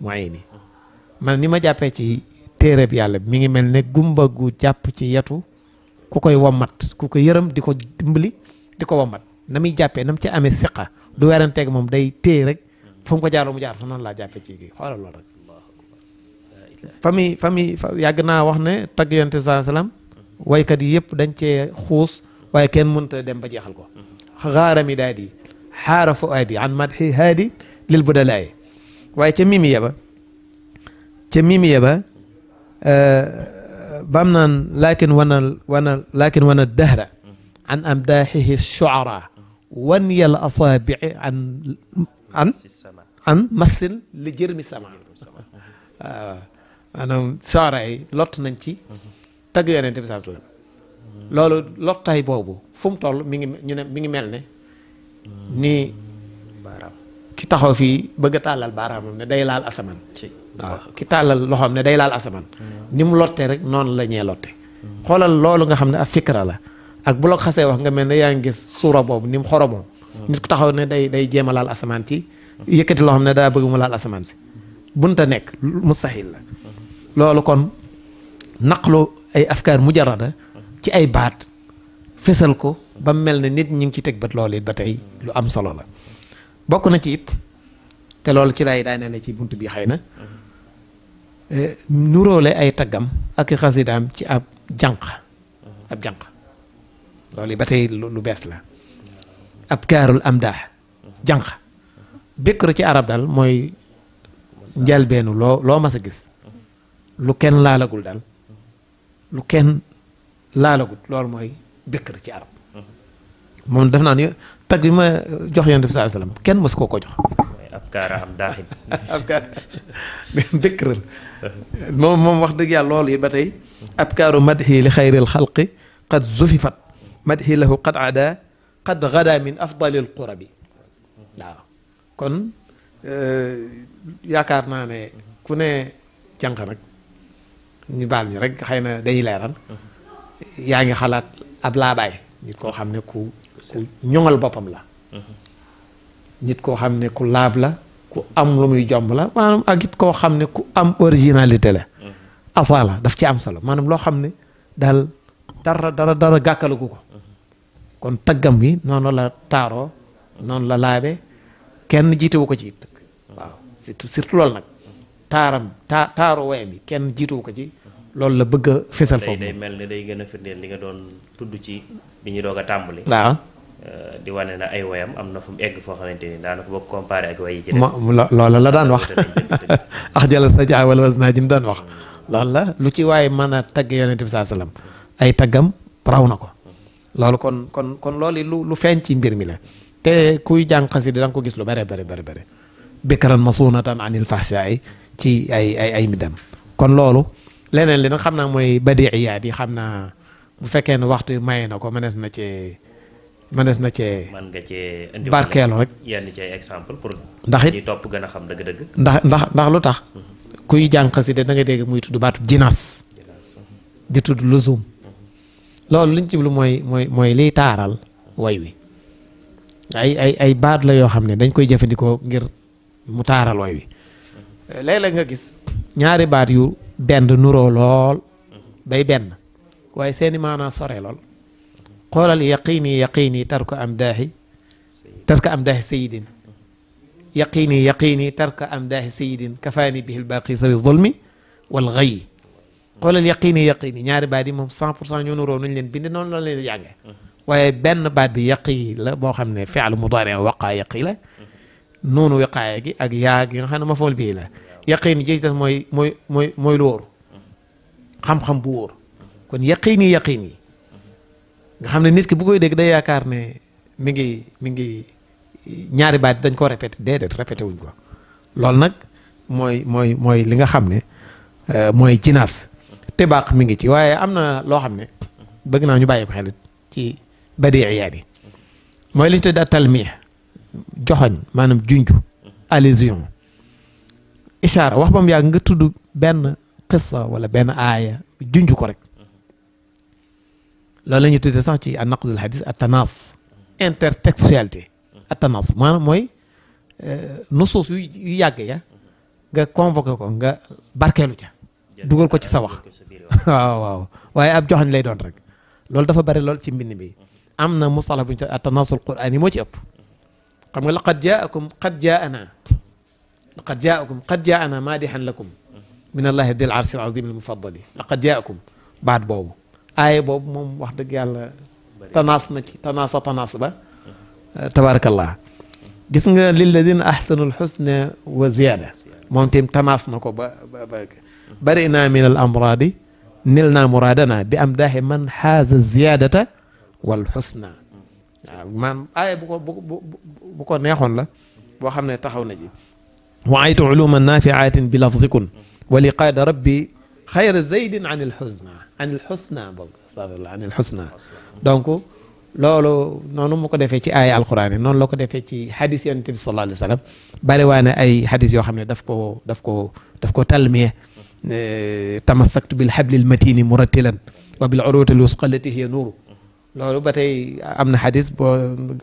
muayini man ni ma jàppee ci téereb yàlla bi mi ngi mel ne gumba gu jàpp ci yetu ku koy wommat ku ko yërëm di ko dimbali di ko wommat na muy jàppee na mu ci amee siqa du weeranteeg moom day téye rek fu mu ko jaaroo mu jaar fa noonu laa jàppee ci gi xoolal loolu rek fa yàgg naa ne tagg yonent bi waykat yi yëpp dañ cee xuus waaye kenn mënta dem ba jeexal ko xaarami daadi yi xaara fu aadi an madxi haadi lil budalaay waaye ca mimi yeba ca mimi yeba bam naan laakin wana wana laakin wana dahra an amdaaxihi shucara wan yal asaabici an an an massil li jërmi sama waaw maanaam shucara yi lott nañ ci tagg yonent bi sallam loolu lortaay boobu fu mu toll mi ngi ñu ne mi ngi mel ne nii ki taxaw fii bëgg a tàllal baaraamam ne day laal asamaan waaw ki tàllal loxoom ne day laal asamaan ni mu lottee rek noonu la ñee lotte xoolal loolu nga xam ne ab fikra la ak bu la ko xasee wax nga mel ne yaa ngi gis suura boobu ni mu xoromoo nit ku taxaw ne day day jéem a laal asamaan ci yëkkati loo xam ne daa bëgg mu laal asamaan si bunta nekk mustahil la loolu kon naqlu ay afkaar mujarada ci ay baat fesal ko ba mel ne nit ñi ngi ci teg bët loolu it ba tey lu am solo la bokk na ci it te loolu ci lay daane la ci bunt bi xëy na nuróole ay taggam ak xasidaam ci ab jànq ab jànq loolu yi ba tey lu bees la ab kaarul am daax jànq békkër ci arab daal mooy njalbeenu loo loo mas a gis lu kenn laalagul daal lu kenn laalagut loolu mooy bikkër ci arab moom def naa ni tag bi ma jox yonent bi saa salaam kenn mës koo ko jox. ab kaara am daaxin. ab kaara bikkër moom moom wax dëgg yàlla loolu yi ba tey. ab kaaru madhi li xayril xalqi qad zufifat madhi lahu qad ada qad gada min afdalil qurabi waaw kon yaakaar naa ne ku ne jànq nag ñu baal ñu rek xëy na dañuy leeral uh-huh. yaa ngi xalaat ab laabaay nit koo xam ne ku ku boppam la uh-huh. nit koo xam ne ku laab la ku am lu muy jomb la maanaam ak it koo xam ne ku am originalité la uh-huh. asaala daf ci am solo maanaam loo xam ne daal dara dara dara gàkkalagu ko kon taggam wi noonu la taaroo noonu la laabe kenn jiitewu ko ci it waaw surtout surtout loolu nag taaram taa taaru woyam yi kenn jiituwu ko ci loolu la bëgg a fésal foofu day mel ni day gën a firndeel li nga doon tudd ci bi ñu doog a tàmbali waaw euh, di wane na ay woyam am na fu mu egg foo xamante ni daanaka boo comparé ak way yi ci des loola la daan wax ax jala sa jaa wala was naa ji mu daan wax loolu la lu ci waaye mën a tagg yonente bi saa sallam ay taggam raw na ko loolu kon kon kon loolu lu lu feeñ ci mbir mi la te kuy jàng xasida da ko gis lu bare bare bare bare bikran masunatan anil fahsha'i ci ay ay ay midam kon loolu leneen li nag xam naa mooy badiiyaat yi xam naa bu fekkee ne waxtu yu maye na ko mënees na cee mënees na cee. mën nga cee indi barkeelu rek yenn ci ay exemple pour. ndax it ñi topp gën xam dëgg-dëgg. ndax ndax ndax lu tax. kuy jànq si da nga dégg muy tudd baatu jinaas. di tudd luzum. loolu liñ ci lu mooy mooy mooy liy taaral woy wi. ay ay ay baat la yoo xam ne dañ koy jëfandikoo ngir mu taaral way wi. léeg nga gis ñaari baat yu benn nuroo lool bay benn waaye seeni maanaa sore lool xoolal yaqiini yaqiini tarka am daaxi tarka am daaxi sayidin yaqiini yaqiini tark am daaxi sayidin kafaani bihi lbaaqi sawi zulmi wal xëy xoolal yaqiini yaqiini ñaari baat yi moom cent pour cent ñoo nuroo nuñ leen bind noonu la leen jànge waaye benn baat bi yaqi la boo xam ne fi'lu mudaari waqaa yaqi la noonu wiqaaya gi ak yaa gi nga xam ne fool bii la yaqiin ji tas mooy mooy mooy mooy lu wóor xam-xam bu wóor kon yaqiin yi yaqiin yi nga xam ne nit ki bu koy dégg day yaakaar ne mi ngi mi ngi ñaari baat dañ ko répété déedéet répété wuñ ko loolu nag mooy mooy mooy li nga xam ne euh, mooy jinaas te baax mi ngi ci waaye am na loo xam ne bëgg naa ñu bàyyi ko xel ci badiiyaat yi mooy li ñu tuddee talmiih joxoñ maanaam junj allusion ishaara wax ba mu yàgg nga tudd benn xissa wala benn aaya junj ko rek loolu la ñuy tuddee sax ci naqdul hadis atanas intertextualité atanas maanaam mooy nusuus yu yu yàgg ya nga convoqué ko nga barkeelu ca dugal ko ci sa wax waaw waaw waaye ab joxoñ lay doon rek loolu dafa bari lool ci mbind mi am na musala bu ñu ta atanasul quraan yi moo ci ëpp قام قال لقد جاءكم قد جاءنا لقد جاءكم قد جاءنا مادحا لكم من الله ذي العرش العظيم المفضل لقد جاءكم بعد بوب آية بوب مم واحد قال تناص نك تناص تناص با آه، تبارك الله جسنا للذين أحسنوا الحسن وزيادة ممتين تناص نكو با با برئنا من الأمراض نلنا مرادنا بأمداه من حاز الزيادة والحسنى maanaam aaya bu ko bu ko neexoon la boo xam ne taxaw na ci waaytu uluman nafiatin bi lafzikun wa liqaada rabbi xayra zeydin an il xusna an il xusna boog astafirullah an il xusna donc loolu noonu mu ko defee ci aaya alquran yi noonu la ko defee ci hadis yonente bi sallallahu alayhi wa sallam bari waa ne ay hadis yoo xam ne daf ko daf ko daf ko talmee tamassaktu bil hablil matini murattilan wa bil urwatil wusqa allati hiya nuuru لولو باتاي امنا حديث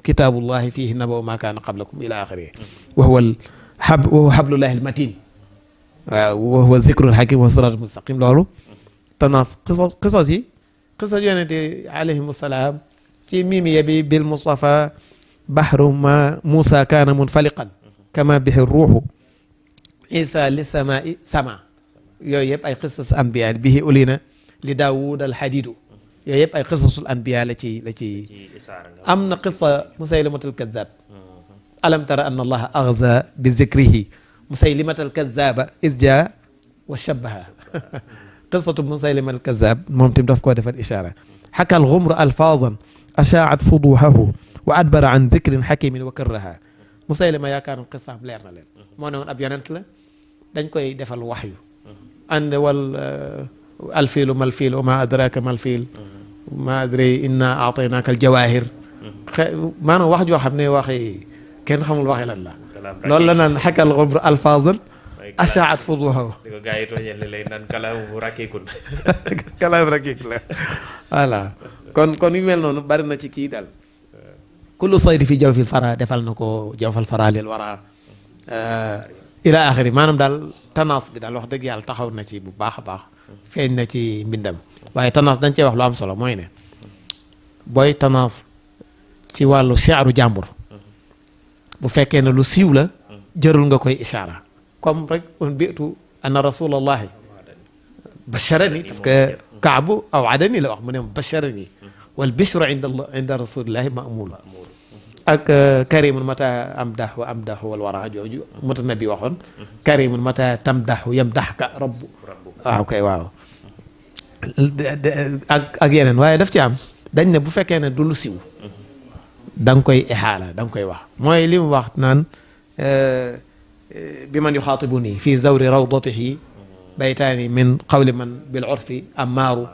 كتاب الله فيه نبا ما كان قبلكم الى اخره وهو الحب وهو حبل الله المتين آه، وهو الذكر الحكيم والصراط المستقيم لولو تناص قصص قصصي قصص يعني إيه؟ عليهم السلام في ميم يبي بالمصطفى بحر ما موسى كان منفلقا كما به الروح عيسى لسماء سما يو يب اي قصص انبياء به أولينا لداوود الحديد يجب أي قصص الأنبياء التي التي أم قصة مسيلمة الكذاب ألم ترى أن الله أغزى بذكره مسيلمة الكذاب إذ جاء وشبه قصة مسيلمة الكذاب ممتن دفق ودفع الإشارة حكى الغمر ألفاظا أشاعت فضوحه وأدبر عن ذكر حكيم وكرها مسيلمة يا كان القصة بلعنا لين ما نون أبيانتلا دنكوي دفع الوحي عند وال الفيل وما الفيل وما ادراك ما الفيل ما ادري انا اعطيناك الجواهر ما انا واحد واحد واخي كان خم الواحد لا لو حكى الغبر الفاضل اشاعت فضوها كلام ركيك لا لا كون كون يميل نون بارنا تي كي دال كل صيد في جوف الفرا دفال نكو جوف الفرا للوراء آه، الى اخره ما نم دال تناصب دال واخ دغ يال تخاور نتي بو باخ باخ فين نتي بندم باي تناس دنتي واخ لو ام سولو موي نه باي تناس تي والو شعر جامبر بو فكينا لو سيو لا جيرول nga koy ishara كوم رك اون بيتو ان رسول الله بشرني باسكو كعب او عدني لو من بشرني والبشر عند الله عند رسول الله مامول اك كريم متى امدح وامدح والورع جوجو متى النبي واخون كريم متى تمدح يمدحك رب waaw kay waaw. ak ak yeneen waaye daf ci am dañ ne bu fekkee ne du lu siw da koy ixaala da koy wax mooy li mu wax naan bi man yuxaatibu nii fii zawri rawdatihi baytaani min qawli man bil urfi amaaru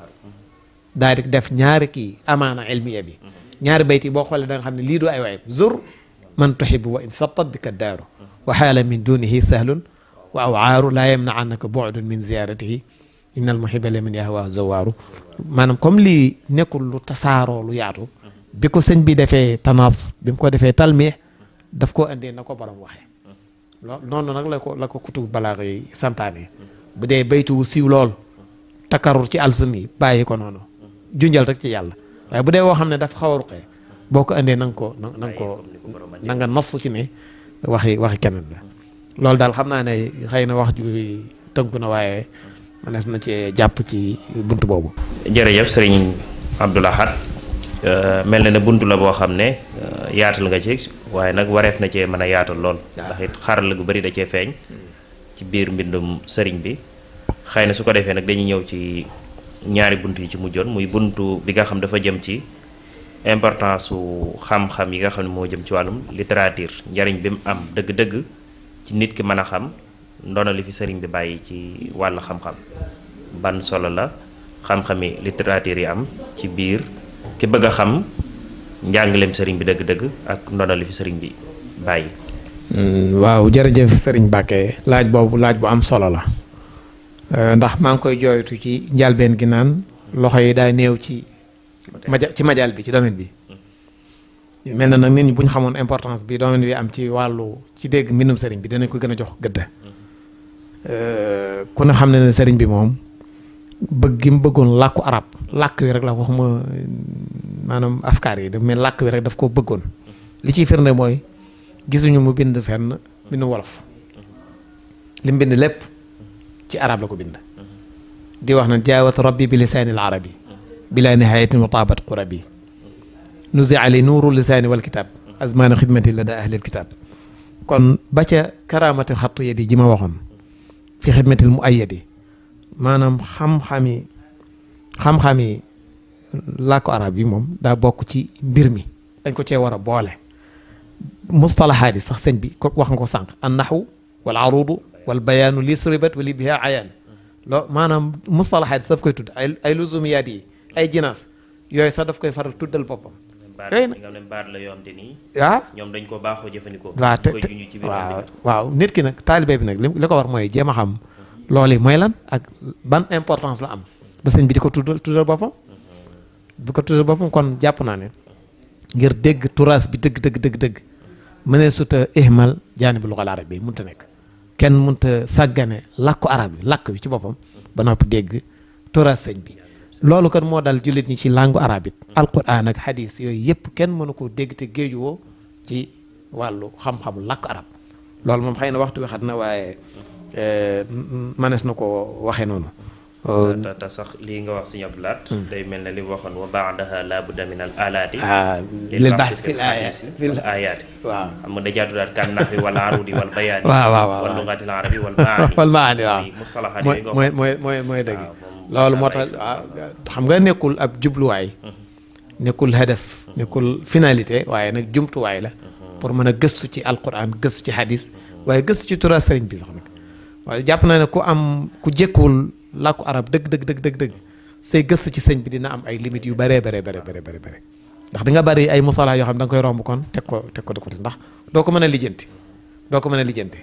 daal di def ñaari kii amaana ilmiya bi ñaari bayt yi boo xoolee da nga xam ne lii du ay waayib zur man tuhibu wa in sabtat bi kaddaaru wa xaala min dunihi sahlun wa aw aaru laa yamnaannaka bu'dun min ziyaaratihi innal muhibba liman yahwa zawaaru maanaam comme lii nekkul lu tasaaroo lu yaatu bi ko sëñ bi defee tanaas bi mu ko defee talmiix daf ko indee na ko borom waxee noonu nag la ko la ko kutub balaax yi santaane bu dee baytu wu siiw lool takkarur ci alsun yi bàyyi ko noonu junjal rek ci yàlla waaye bu dee woo xam ne daf xaw a boo ko indee na ko na nga ko na nas ci ne waxi waxi keneen la loolu daal xam naa ne xëy na wax ju tënku na waaye mënees na cee jàpp ci bunt boobu. jërëjëf sëriñ Abdou Lahad euh, mel na ne bunt la boo xam ne euh, yaatal nga ci waaye nag wareef na cee mën a yaatal lool. ndax it xarala gu bari da cee feeñ. ci biir mbindum sëriñ bi xëy na su ko defee nag dañuy ñëw ci ñaari bunt yi ci mujjoon muy bunt bi nga xam dafa jëm ci importance su xam-xam yi nga xam ne moo jëm ci wàllum littérature njariñ bi mu am dëgg-dëgg. ci nit ki mëna xam ndono li fi sëriñ bi bayyi ci walu xam-xam ban solo la xam-xami literature am ci biir ki bëgg xam njangalem sëriñ bi dëgg-dëgg ak ndono li fi sëriñ bi bayyi mm, waaw jërëjëf sëriñ Mbacke laaj bobu laaj bu am solo la euh, ndax ma ngi koy jooytu ci njalbeen gi naan loxo yi daa ci. ci majal bi ci domaine bi. mel na nag nit ñi bu ñu xamoon importance bi domaine bi am ci wàllu ci dégg mbindum sëriñ bi danañ ko gën a jox gëdd. Mm-hmm. Euh, ku ne xam ne ne sëriñ bi moom bëgg gim mu bëggoon làkku arab làkk wi rek la waxuma maanaam afkaar yi mais làkk wi rek daf koo bëggoon mm-hmm. li ciy firnde mooy gisuñu mu bind fenn bindu wolof mm-hmm. lim bind lépp ci arab la ko bind di wax na jaawat rabbi bi lisaanil arabi bilaa nihayatin wa taabat qurabi نزع لنور اللسان والكتاب أزمان خدمة لدى أهل الكتاب كون باتا كرامة خط دي جما وخم في خدمة المؤيد مانام خم خامي خم خامي لاكو عربي موم دا بوكو تي بيرمي دنجكو تي ورا بوله مصطلحات صح سن بي واخ نكو سانك النحو والعروض والبيان لي سربت ولي بها عيان لو مانام مصطلحات صف كوي تود اي لزوميات اي جناس يوي سا فار تودل بوبام xëy na ah. waaw te waaw waaw nit ki nag taalibe bi nag li ko war mooy jéem a xam lool yi mooy lan ak ban importance la am ba sëñ bi di ko tuddal tuddal boppam. bu ko tuddal boppam kon jàpp naa ne ngir dégg turas bi dëgg dëgg dëgg dëgg mënee suta ihmal jaani bi luxal arab bi mënta nekk kenn mënta sàggane làkku arab bi làkk bi ci boppam ba noppi dégg turas sëñ bi. loolu kon moo dal jullit ñi ci langue arabe it mm. alquran ak hadis yooyu yëpp kenn mënu koo dégg te géeju woo ci wàllu xam-xamu làkk arab loolu moom xëy na waxtu wi xat na waaye eh, manees na ko waxee noonu euh, euh, te sax lii nga wax si ñoom laat day mel ne li waxoon wa baadaha laa budda min al alaati ah, lil bahs fil ayaati waaw waaw waaw waaw wal lugaati mooy mooy mooy ah, dëgg لول موتا آه، خم غا نيكول اب جوبلو واي نيكول هدف نيكول فيناليتي واي نك جومتو واي لا بور مانا گستو سي القران گستو سي حديث واي گستو سي ترا سرين بي سخ نك واي جاب نانا كو ام كو جيكول لاكو عرب دك دك دك دك دك سي گستو سي سرين بي دينا ام اي ليميت يو بري بري بري بري بري بري داخ ديغا باري اي مصالح يو خم دا نكاي رومب كون تيكو تيكو دكو داخ دوكو مانا ليجينتي دوكو مانا ليجينتي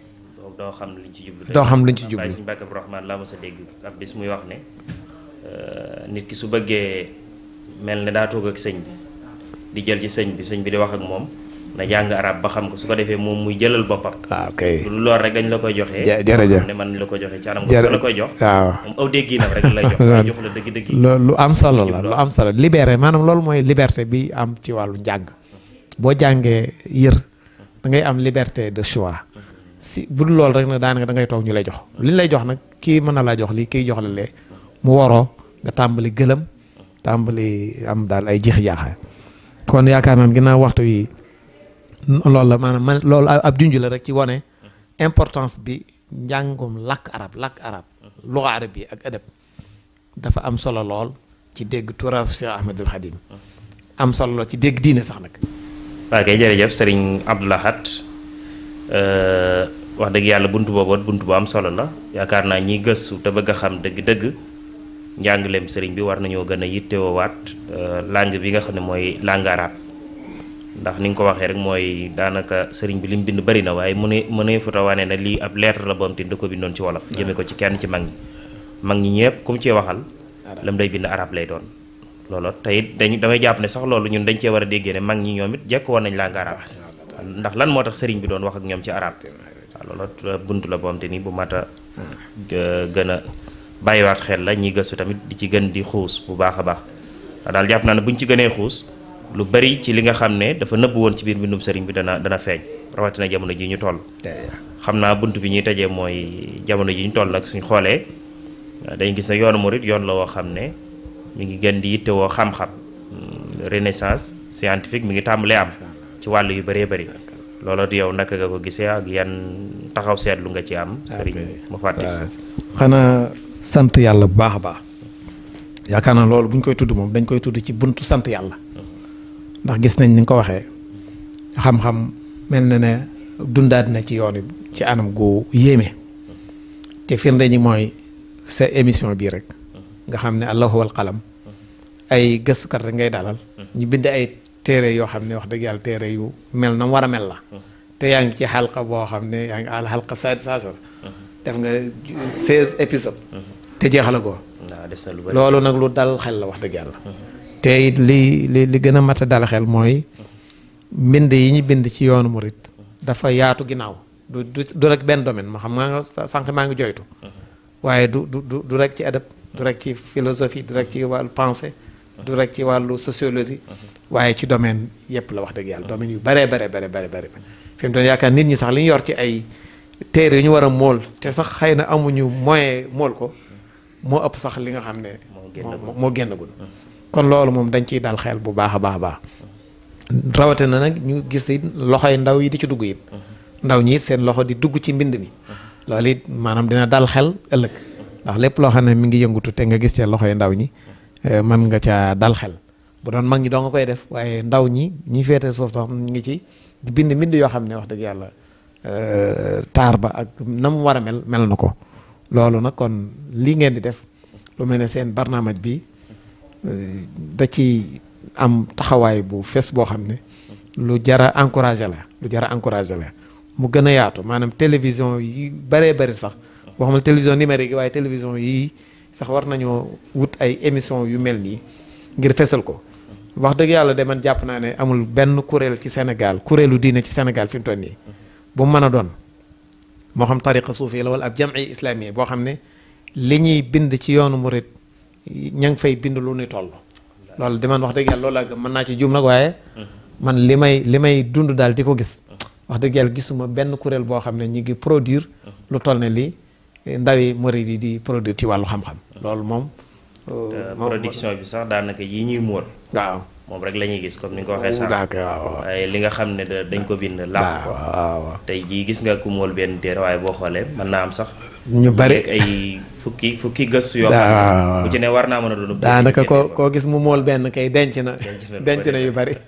doo xam luñ ci jublu doo xam luñ ci jublu sëñ Bakab Rahman laa dégg ab bis muy wax ne euh, nit ki su bëggee mel ne daa toog ak sëñ bi di jël ci sëñ bi sëñ bi di wax ak moom na jàng arab ba xam ko su ko defee moom muy jëlal boppam waaw ah, kay lu lool rek dañ la koy joxee jërëjëf ne man la koy joxee ci anam ko la koy jox waaw moom aw na rek la jox la jox la dëgg dëgg lu am solo la lu am solo libéré maanaam loolu mooy liberté bi am ci wàllu njàng boo jàngee yër da ngay am liberté de choix si bu lol rek na daanaka da ngay tok ñu lay jox li lay jox nak ki mëna la jox li ki jox la lé mu waro nga tambali gëlem tambali am dal ay jix kon yaakaar naan waxtu wi lol la manam lol ab la rek ci woné importance bi njangum lak arab lak arab luxa arab ak adab dafa am solo lol ci dégg Cheikh Ahmadul khadim am solo ci dégg diine sax nak kay Serigne abdullah Ahad Eh, wax deug yalla buntu bobo buntu bu am solo la yakar na ñi geussu te bëgg xam deug deug njàngaleem sëriñ bi war nañoo gën a yittewoowaat eh, langue bi nga xamne moy langue ndax ni nga ko waxee rek moy danaka sëriñ bi lim bind bari na waye mune mune fu tawane na li ab lettre la bo am tin da ko bindon ci wolof. jëme ko ci kenn ci mag ñi mag ñi ñepp kum ci waxal. lam day bind arab lay doon. lolo tayit it dañu damay japp ne sax loolu ñun dañ ci wara déggé ne mag ñi ñomit jekk nañ langue ndax lan motax serigne bi doon wax ak ñoom ci arab lolu buntu la bom xam bu mata a gën wat xel la ñi gëstu tamit di ci gën di xoos bu baax a baax daal jàpp naa ne buñ ci gëne xoos lu bari ci li nga xamne dafa neub won ci biir mbindum serigne bi dana dana rawati na jamono ji ñu toll xamna buntu bi ñi tëjee moy jamono ji ñu toll ak suñ xolé dañu gis ne yoonu mourid yoon la wo xamne mi ngi gën di wo xam-xam hmm, renaissance scientifique mi ngi tàmbalee am ci walu yu bari bari lolo di yow nak nga ko gisse ak yan ya, taxaw lu nga ci am serigne mo fatis xana sante yalla bu baax baax yakana lolo buñ koy tuddu mom dañ koy tuddu ci buntu sante yalla ndax gis nañ ni nga ko waxee xam-xam melne na ne dundat na ci yoon ci anam go yeme te firnde moy sa émission bi rek nga xamne ne allahu wal qalam ay kat rek ngay dalal ñu bind ay téere yoo xam ne wax dëgg yàlla téere yu mel na war a mel la te yaa ci xalqa boo xam ne yaa ngi àll xalqa def nga seize épisode te jeexalagoo loolu nag lu dal xel la wax dëgg yàlla te it li li li gën a dal xel mooy mbind yi ñu bind ci yoonu murit dafa yaatu ginnaaw du du rek benn domaine ma xam maa nga sànq maa ngi joytu waaye du du du rek ci adab du rek ci philosophie du rek ci wàllu pensée du rek ci wàllu sociologie waaye ci domaine yëpp la wax dëgg yàlla domaine yu bare bare bare bare bare fi mu doon yaakaar nit ñi sax li ñu yor ci ay téere yu ñu war a mool te sax xëy na amuñu moyen mool ko moo ëpp sax li nga xam ne moo génnagul kon loolu moom dañ ciy dal xel bu baax a baax a baax rawate na nag ñu gis it loxoy ndaw yi di ci dugg it ndaw ñi seen loxo di dugg ci mbind mi loolu it maanaam dina dal xel ëllëg ndax lépp loo xam ne mi ngi yëngutu te nga gis ca loxoy ndaw ñi eh, mën nga caa dal xel bu doon mag ñi doo nga koy def waaye ndaw ñi ñi féete suuf tax ñu ngi ci di bind mbind yoo xam ne wax dëgg yàlla euh, taar ba ak na mu war a mel mel na ko loolu nag kon lii ngeen di def lu mel ne seen barnaamaj bi euh, da ci am taxawaay bu fes boo xam ne lu jara encouragé la lu jara encouragé la mu gën a yaatu maanaam télévision yi bëree bari sax waxuma télévision numérique waaye télévision yii sax war nañoo wut ay émission yu mel nii ngir fesal ko wax deug yàlla de man jàpp naa ne amul ben kurel ci Sénégal kurelu diine ci Sénégal fi toni bu meuna don mo xam tariqa sufi wala ab jam'i islami bo xamne ne bind ci yoonu murit ñang fay bind lu ni tollu loolu de man wax deug yàlla loolu laa man na ci juum nak waye man limay limay li may dund daal di gis wax deug yàlla gisuma ben kurel bo xamne ñi ñu ngi produire lu toll li ndawi murit di produire ci walu xam xam-xam loolu mom Oh, eh, production bi sax daanaka yi ñuy muur waaw rek lañuy gis comme ni nga ko waxee sax ay li nga xam dañ ko bind la ko tay ji gis nga ku mol ben téere way bo xoolee man na am sax ñu bari ay fukki fukki gëstu yoo xam ci ne war na mëna doon daanaka ko ko gis mu mol ben kay denc na denc na yu bari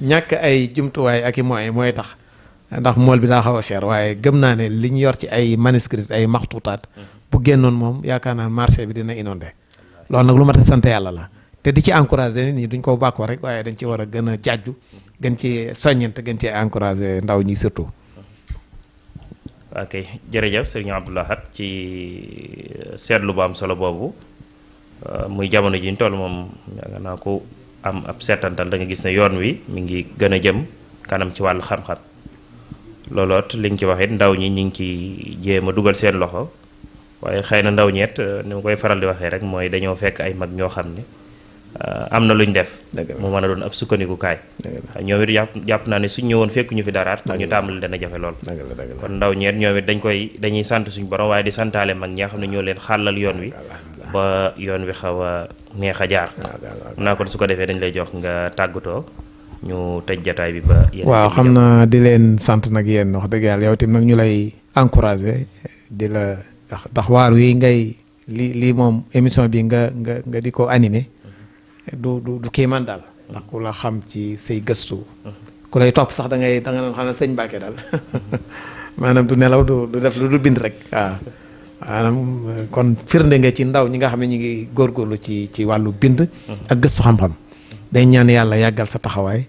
ñak ay way ak moy moy tax ndax mol bi daa xaw a seer gëm ne li ñu yor ci ay manuscrit ay maxtuutaat mhm. bu gennon mom yaakaar marché bi dina inonder loolu nag lu mat a sant yàlla la te di ci encouragé nii ñi duñ ko bàkkoo rek waaye dañ ci war a gën a jàjju gën ci soññante gën ci encouragé ndaw ñi surtout. ok jërëjëf sëriñ Abdou ci euh, seetlu bu am solo boobu euh, muy jamono ji ñu toll moom yaakaar naa ko am ab seetantal da gis ne yoon wi mi ngi gën a jëm kanam ci wàllu xam-xam looloot li nga ci wax it ndaw ñi ñu ngi ciy jéem dugal seen loxo. waaye xëy na ndaw ñett euh, ni ma koy faral di waxee rek mooy dañoo fekk ay mag ñoo xam ne euh, am na lu ñu def. mu mën a doon ab sukkandikukaay. ñoom it jàpp jàpp naa ne suñ ñëwoon fekk ñu fi daraat ñu tàmbali dana jafe lool. kon ndaw ñeet ñoom dañ koy dañuy sant suñu borom waaye di santaale mag ñi xam ne ñoo leen xàllal yoon wi. ba yoon wi xaw a neex a jaar. mun naa kon su ko defee dañ lay jox nga tàggatoo. ñu tëj jataay bi ba. waaw xam naa di leen sant nag yéen wax dëgg yàlla yow tim nag ñu lay encouragé di la ndax ndax waar wi ngay li lii moom émission bi nga nga nga di ko animé du du du kii man daal ndax ku la xam ci say gëstu ku lay topp sax dangay ngay da nga naan xam ne sëñ Mbàkke daal maanaam du nelaw du du def lu du bind rek waaw maanaam kon firnde nga ci ndaw ñi nga xam ne ñu ngi góorgóorlu ci ci wàllu bind ak gëstu xam-xam day ñaan yàlla yàggal sa taxawaay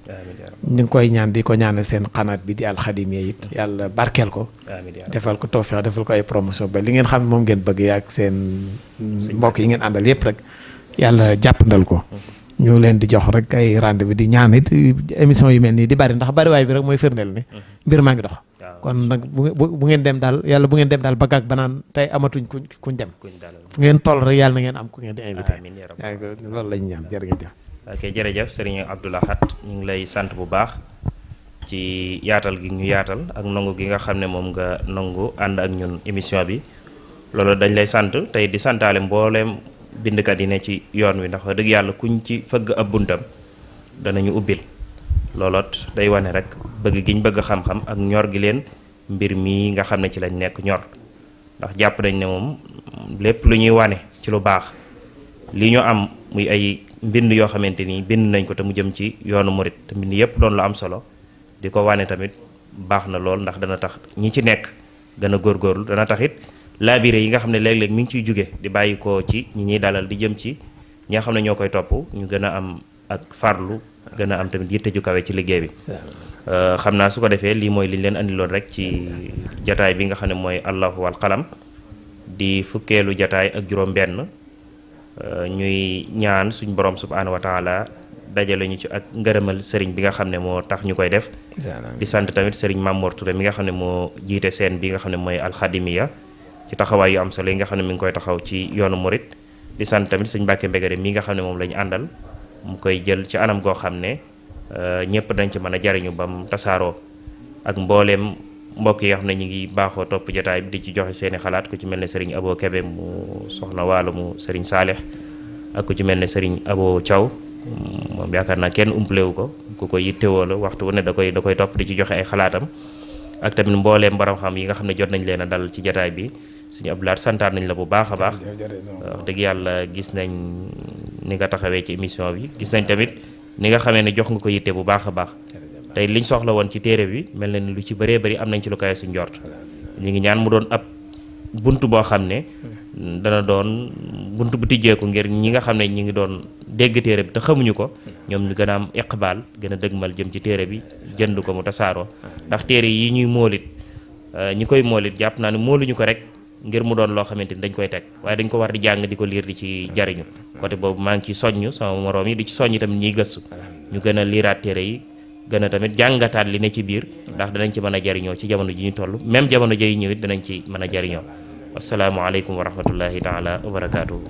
ñu ngi koy ñaan di ko ñaanal seen xanaat bi di alxadimiya it yàlla barkeel ko ya defal ko tawfeex defal ko ay promotion ba li ngeen xam moom ngeen bëgg ak seen mbokk yi ngeen àndal yépp rek yàlla jàppandal ko ñu leen di jox rek ay rendez-vous di ñaan it émission yu mel nii di bari ndax bari bariwaay bi rek mooy firndeel ni mhm. mbir maa ngi dox ah, kon nag bu ngeen dem daal yàlla bu ngeen dem daal baggaak banaan tey amatuñ kuñ dem fu ngeen toll rek yàlla na ngeen am ku ngeen di invité ya loolu lañu ñaan jërë ngeen jëf ok jërëjëf Serigne Abdullah Hat, ñu ngi lay sante bu baax ci yaatal gi ñu yaatal ak nongo, gi nga xamne mom nga nangu and ak ñun émission bi lolo dañ lay sante tay di santaale mbooleem bindkat yi ne ci yoon wi ndax deug yalla kuñ ci feug ab buntam danañu ubbil lolot day wane rek bëgg giñ bëgg xam-xam ak ñor gi leen mbir mi nga xamne ci lañ nekk ñor ndax japp nañ ne mom lepp lu ñuy wane ci lu baax li ñu am muy ay mbind yoo xamante ni bind nañ ko te mu jëm ci yoonu murit tamit mbind yëpp doon lu am solo di ko wane tamit baax na lool ndax dana tax ñi ci nekk gën a góorgóorlu dana tax it laabire yi nga xam ne léeg-léeg mi ngi ciy jóge di bàyyi ko ci ñi ñuy dalal di jëm ci ñi xam ne ñoo koy topp ñu gën a am ak farlu gën a am tamit yitte ju kawe ci liggéey bi euh, xam naa su ko defee lii mooy liñ leen andiloon rek ci jataay bi nga xam ne mooy allahu wal qalam di fukkeelu jataay ak juróom Euh, ñuy ñaan suñ borom subhaanahu wa dajale ñu ci ak ngërëmal sëriñ bi nga xam ne moo tax ñu koy def di sant tamit sëriñ Mamour Touré mi nga xam ne moo jiite seen bi nga xam ne mooy alxadimiya ci taxawaay yu am solo yi nga xam ne mu ngi koy taxaw ci yoonu morit di sant tamit sëñ Mbàkke Mbegere mii nga xam ne moom la àndal mu koy jël ci anam goo xam ne euh, ñëpp dañ ci mën a jariñu ba mu tasaaroo ak mbooleem mbokk yi nga xam ne ñu ngi baaxoo topp jotaay bi di ci joxe seeni xalaat ku ci mel ne sëriñ Abo Kebe mu soxna waalo mu sëriñ Saalix ak ku ci mel ne sëriñ Abo caw moom yaakaar naa kenn umpalewu ko ku ko yittewoo la waxtu wu ne da koy da koy topp di ci joxe ay xalaatam ak tamit mbooleem borom xam yi nga xam ne jot nañ leen a dal ci jataay bi suñu abdulaat santaan nañ la bu baax a baax dëgg yàlla gis nañ ni nga taxawee ci émission bi gis nañ tamit ni nga xamee ne jox ko yitte bu baax a baax tey liñ soxla woon ci téere bi mel na ni lu ci bëree bëri am nañ ci lu kawe suñ njort ñu ngi ñaan mu doon ab bunt boo xam ne dana doon bunt bu tijjeeku ngir ñi nga xam ne ñi ngi doon dégg téere bi te xamuñu ko ñoom ñu gën a am iqbaal gën a dëgmal jëm ci téere bi jënd ko mu tasaaroo ndax téere yi ñuy moolit euh, ñi koy moolit jàpp naa ne mooluñu ko rek ngir mu doon loo xamante ni dañ koy teg waaye dañ ko war di jàng di ko liir di ci jariñu côté boobu maa ngi ci soññ sama moroom yi di ci soññ tamit ñuy gëstu ñu gën a liiraat téere yi gën a tamit jàngataat li ne ci biir ndax danañ ci mën a jariñoo ci jamono ji ñu toll même jamono jay ñëwit danañ ci mën a jariñoo asalaamaaleykum wa rahmatullahi taala wa barakaatuhu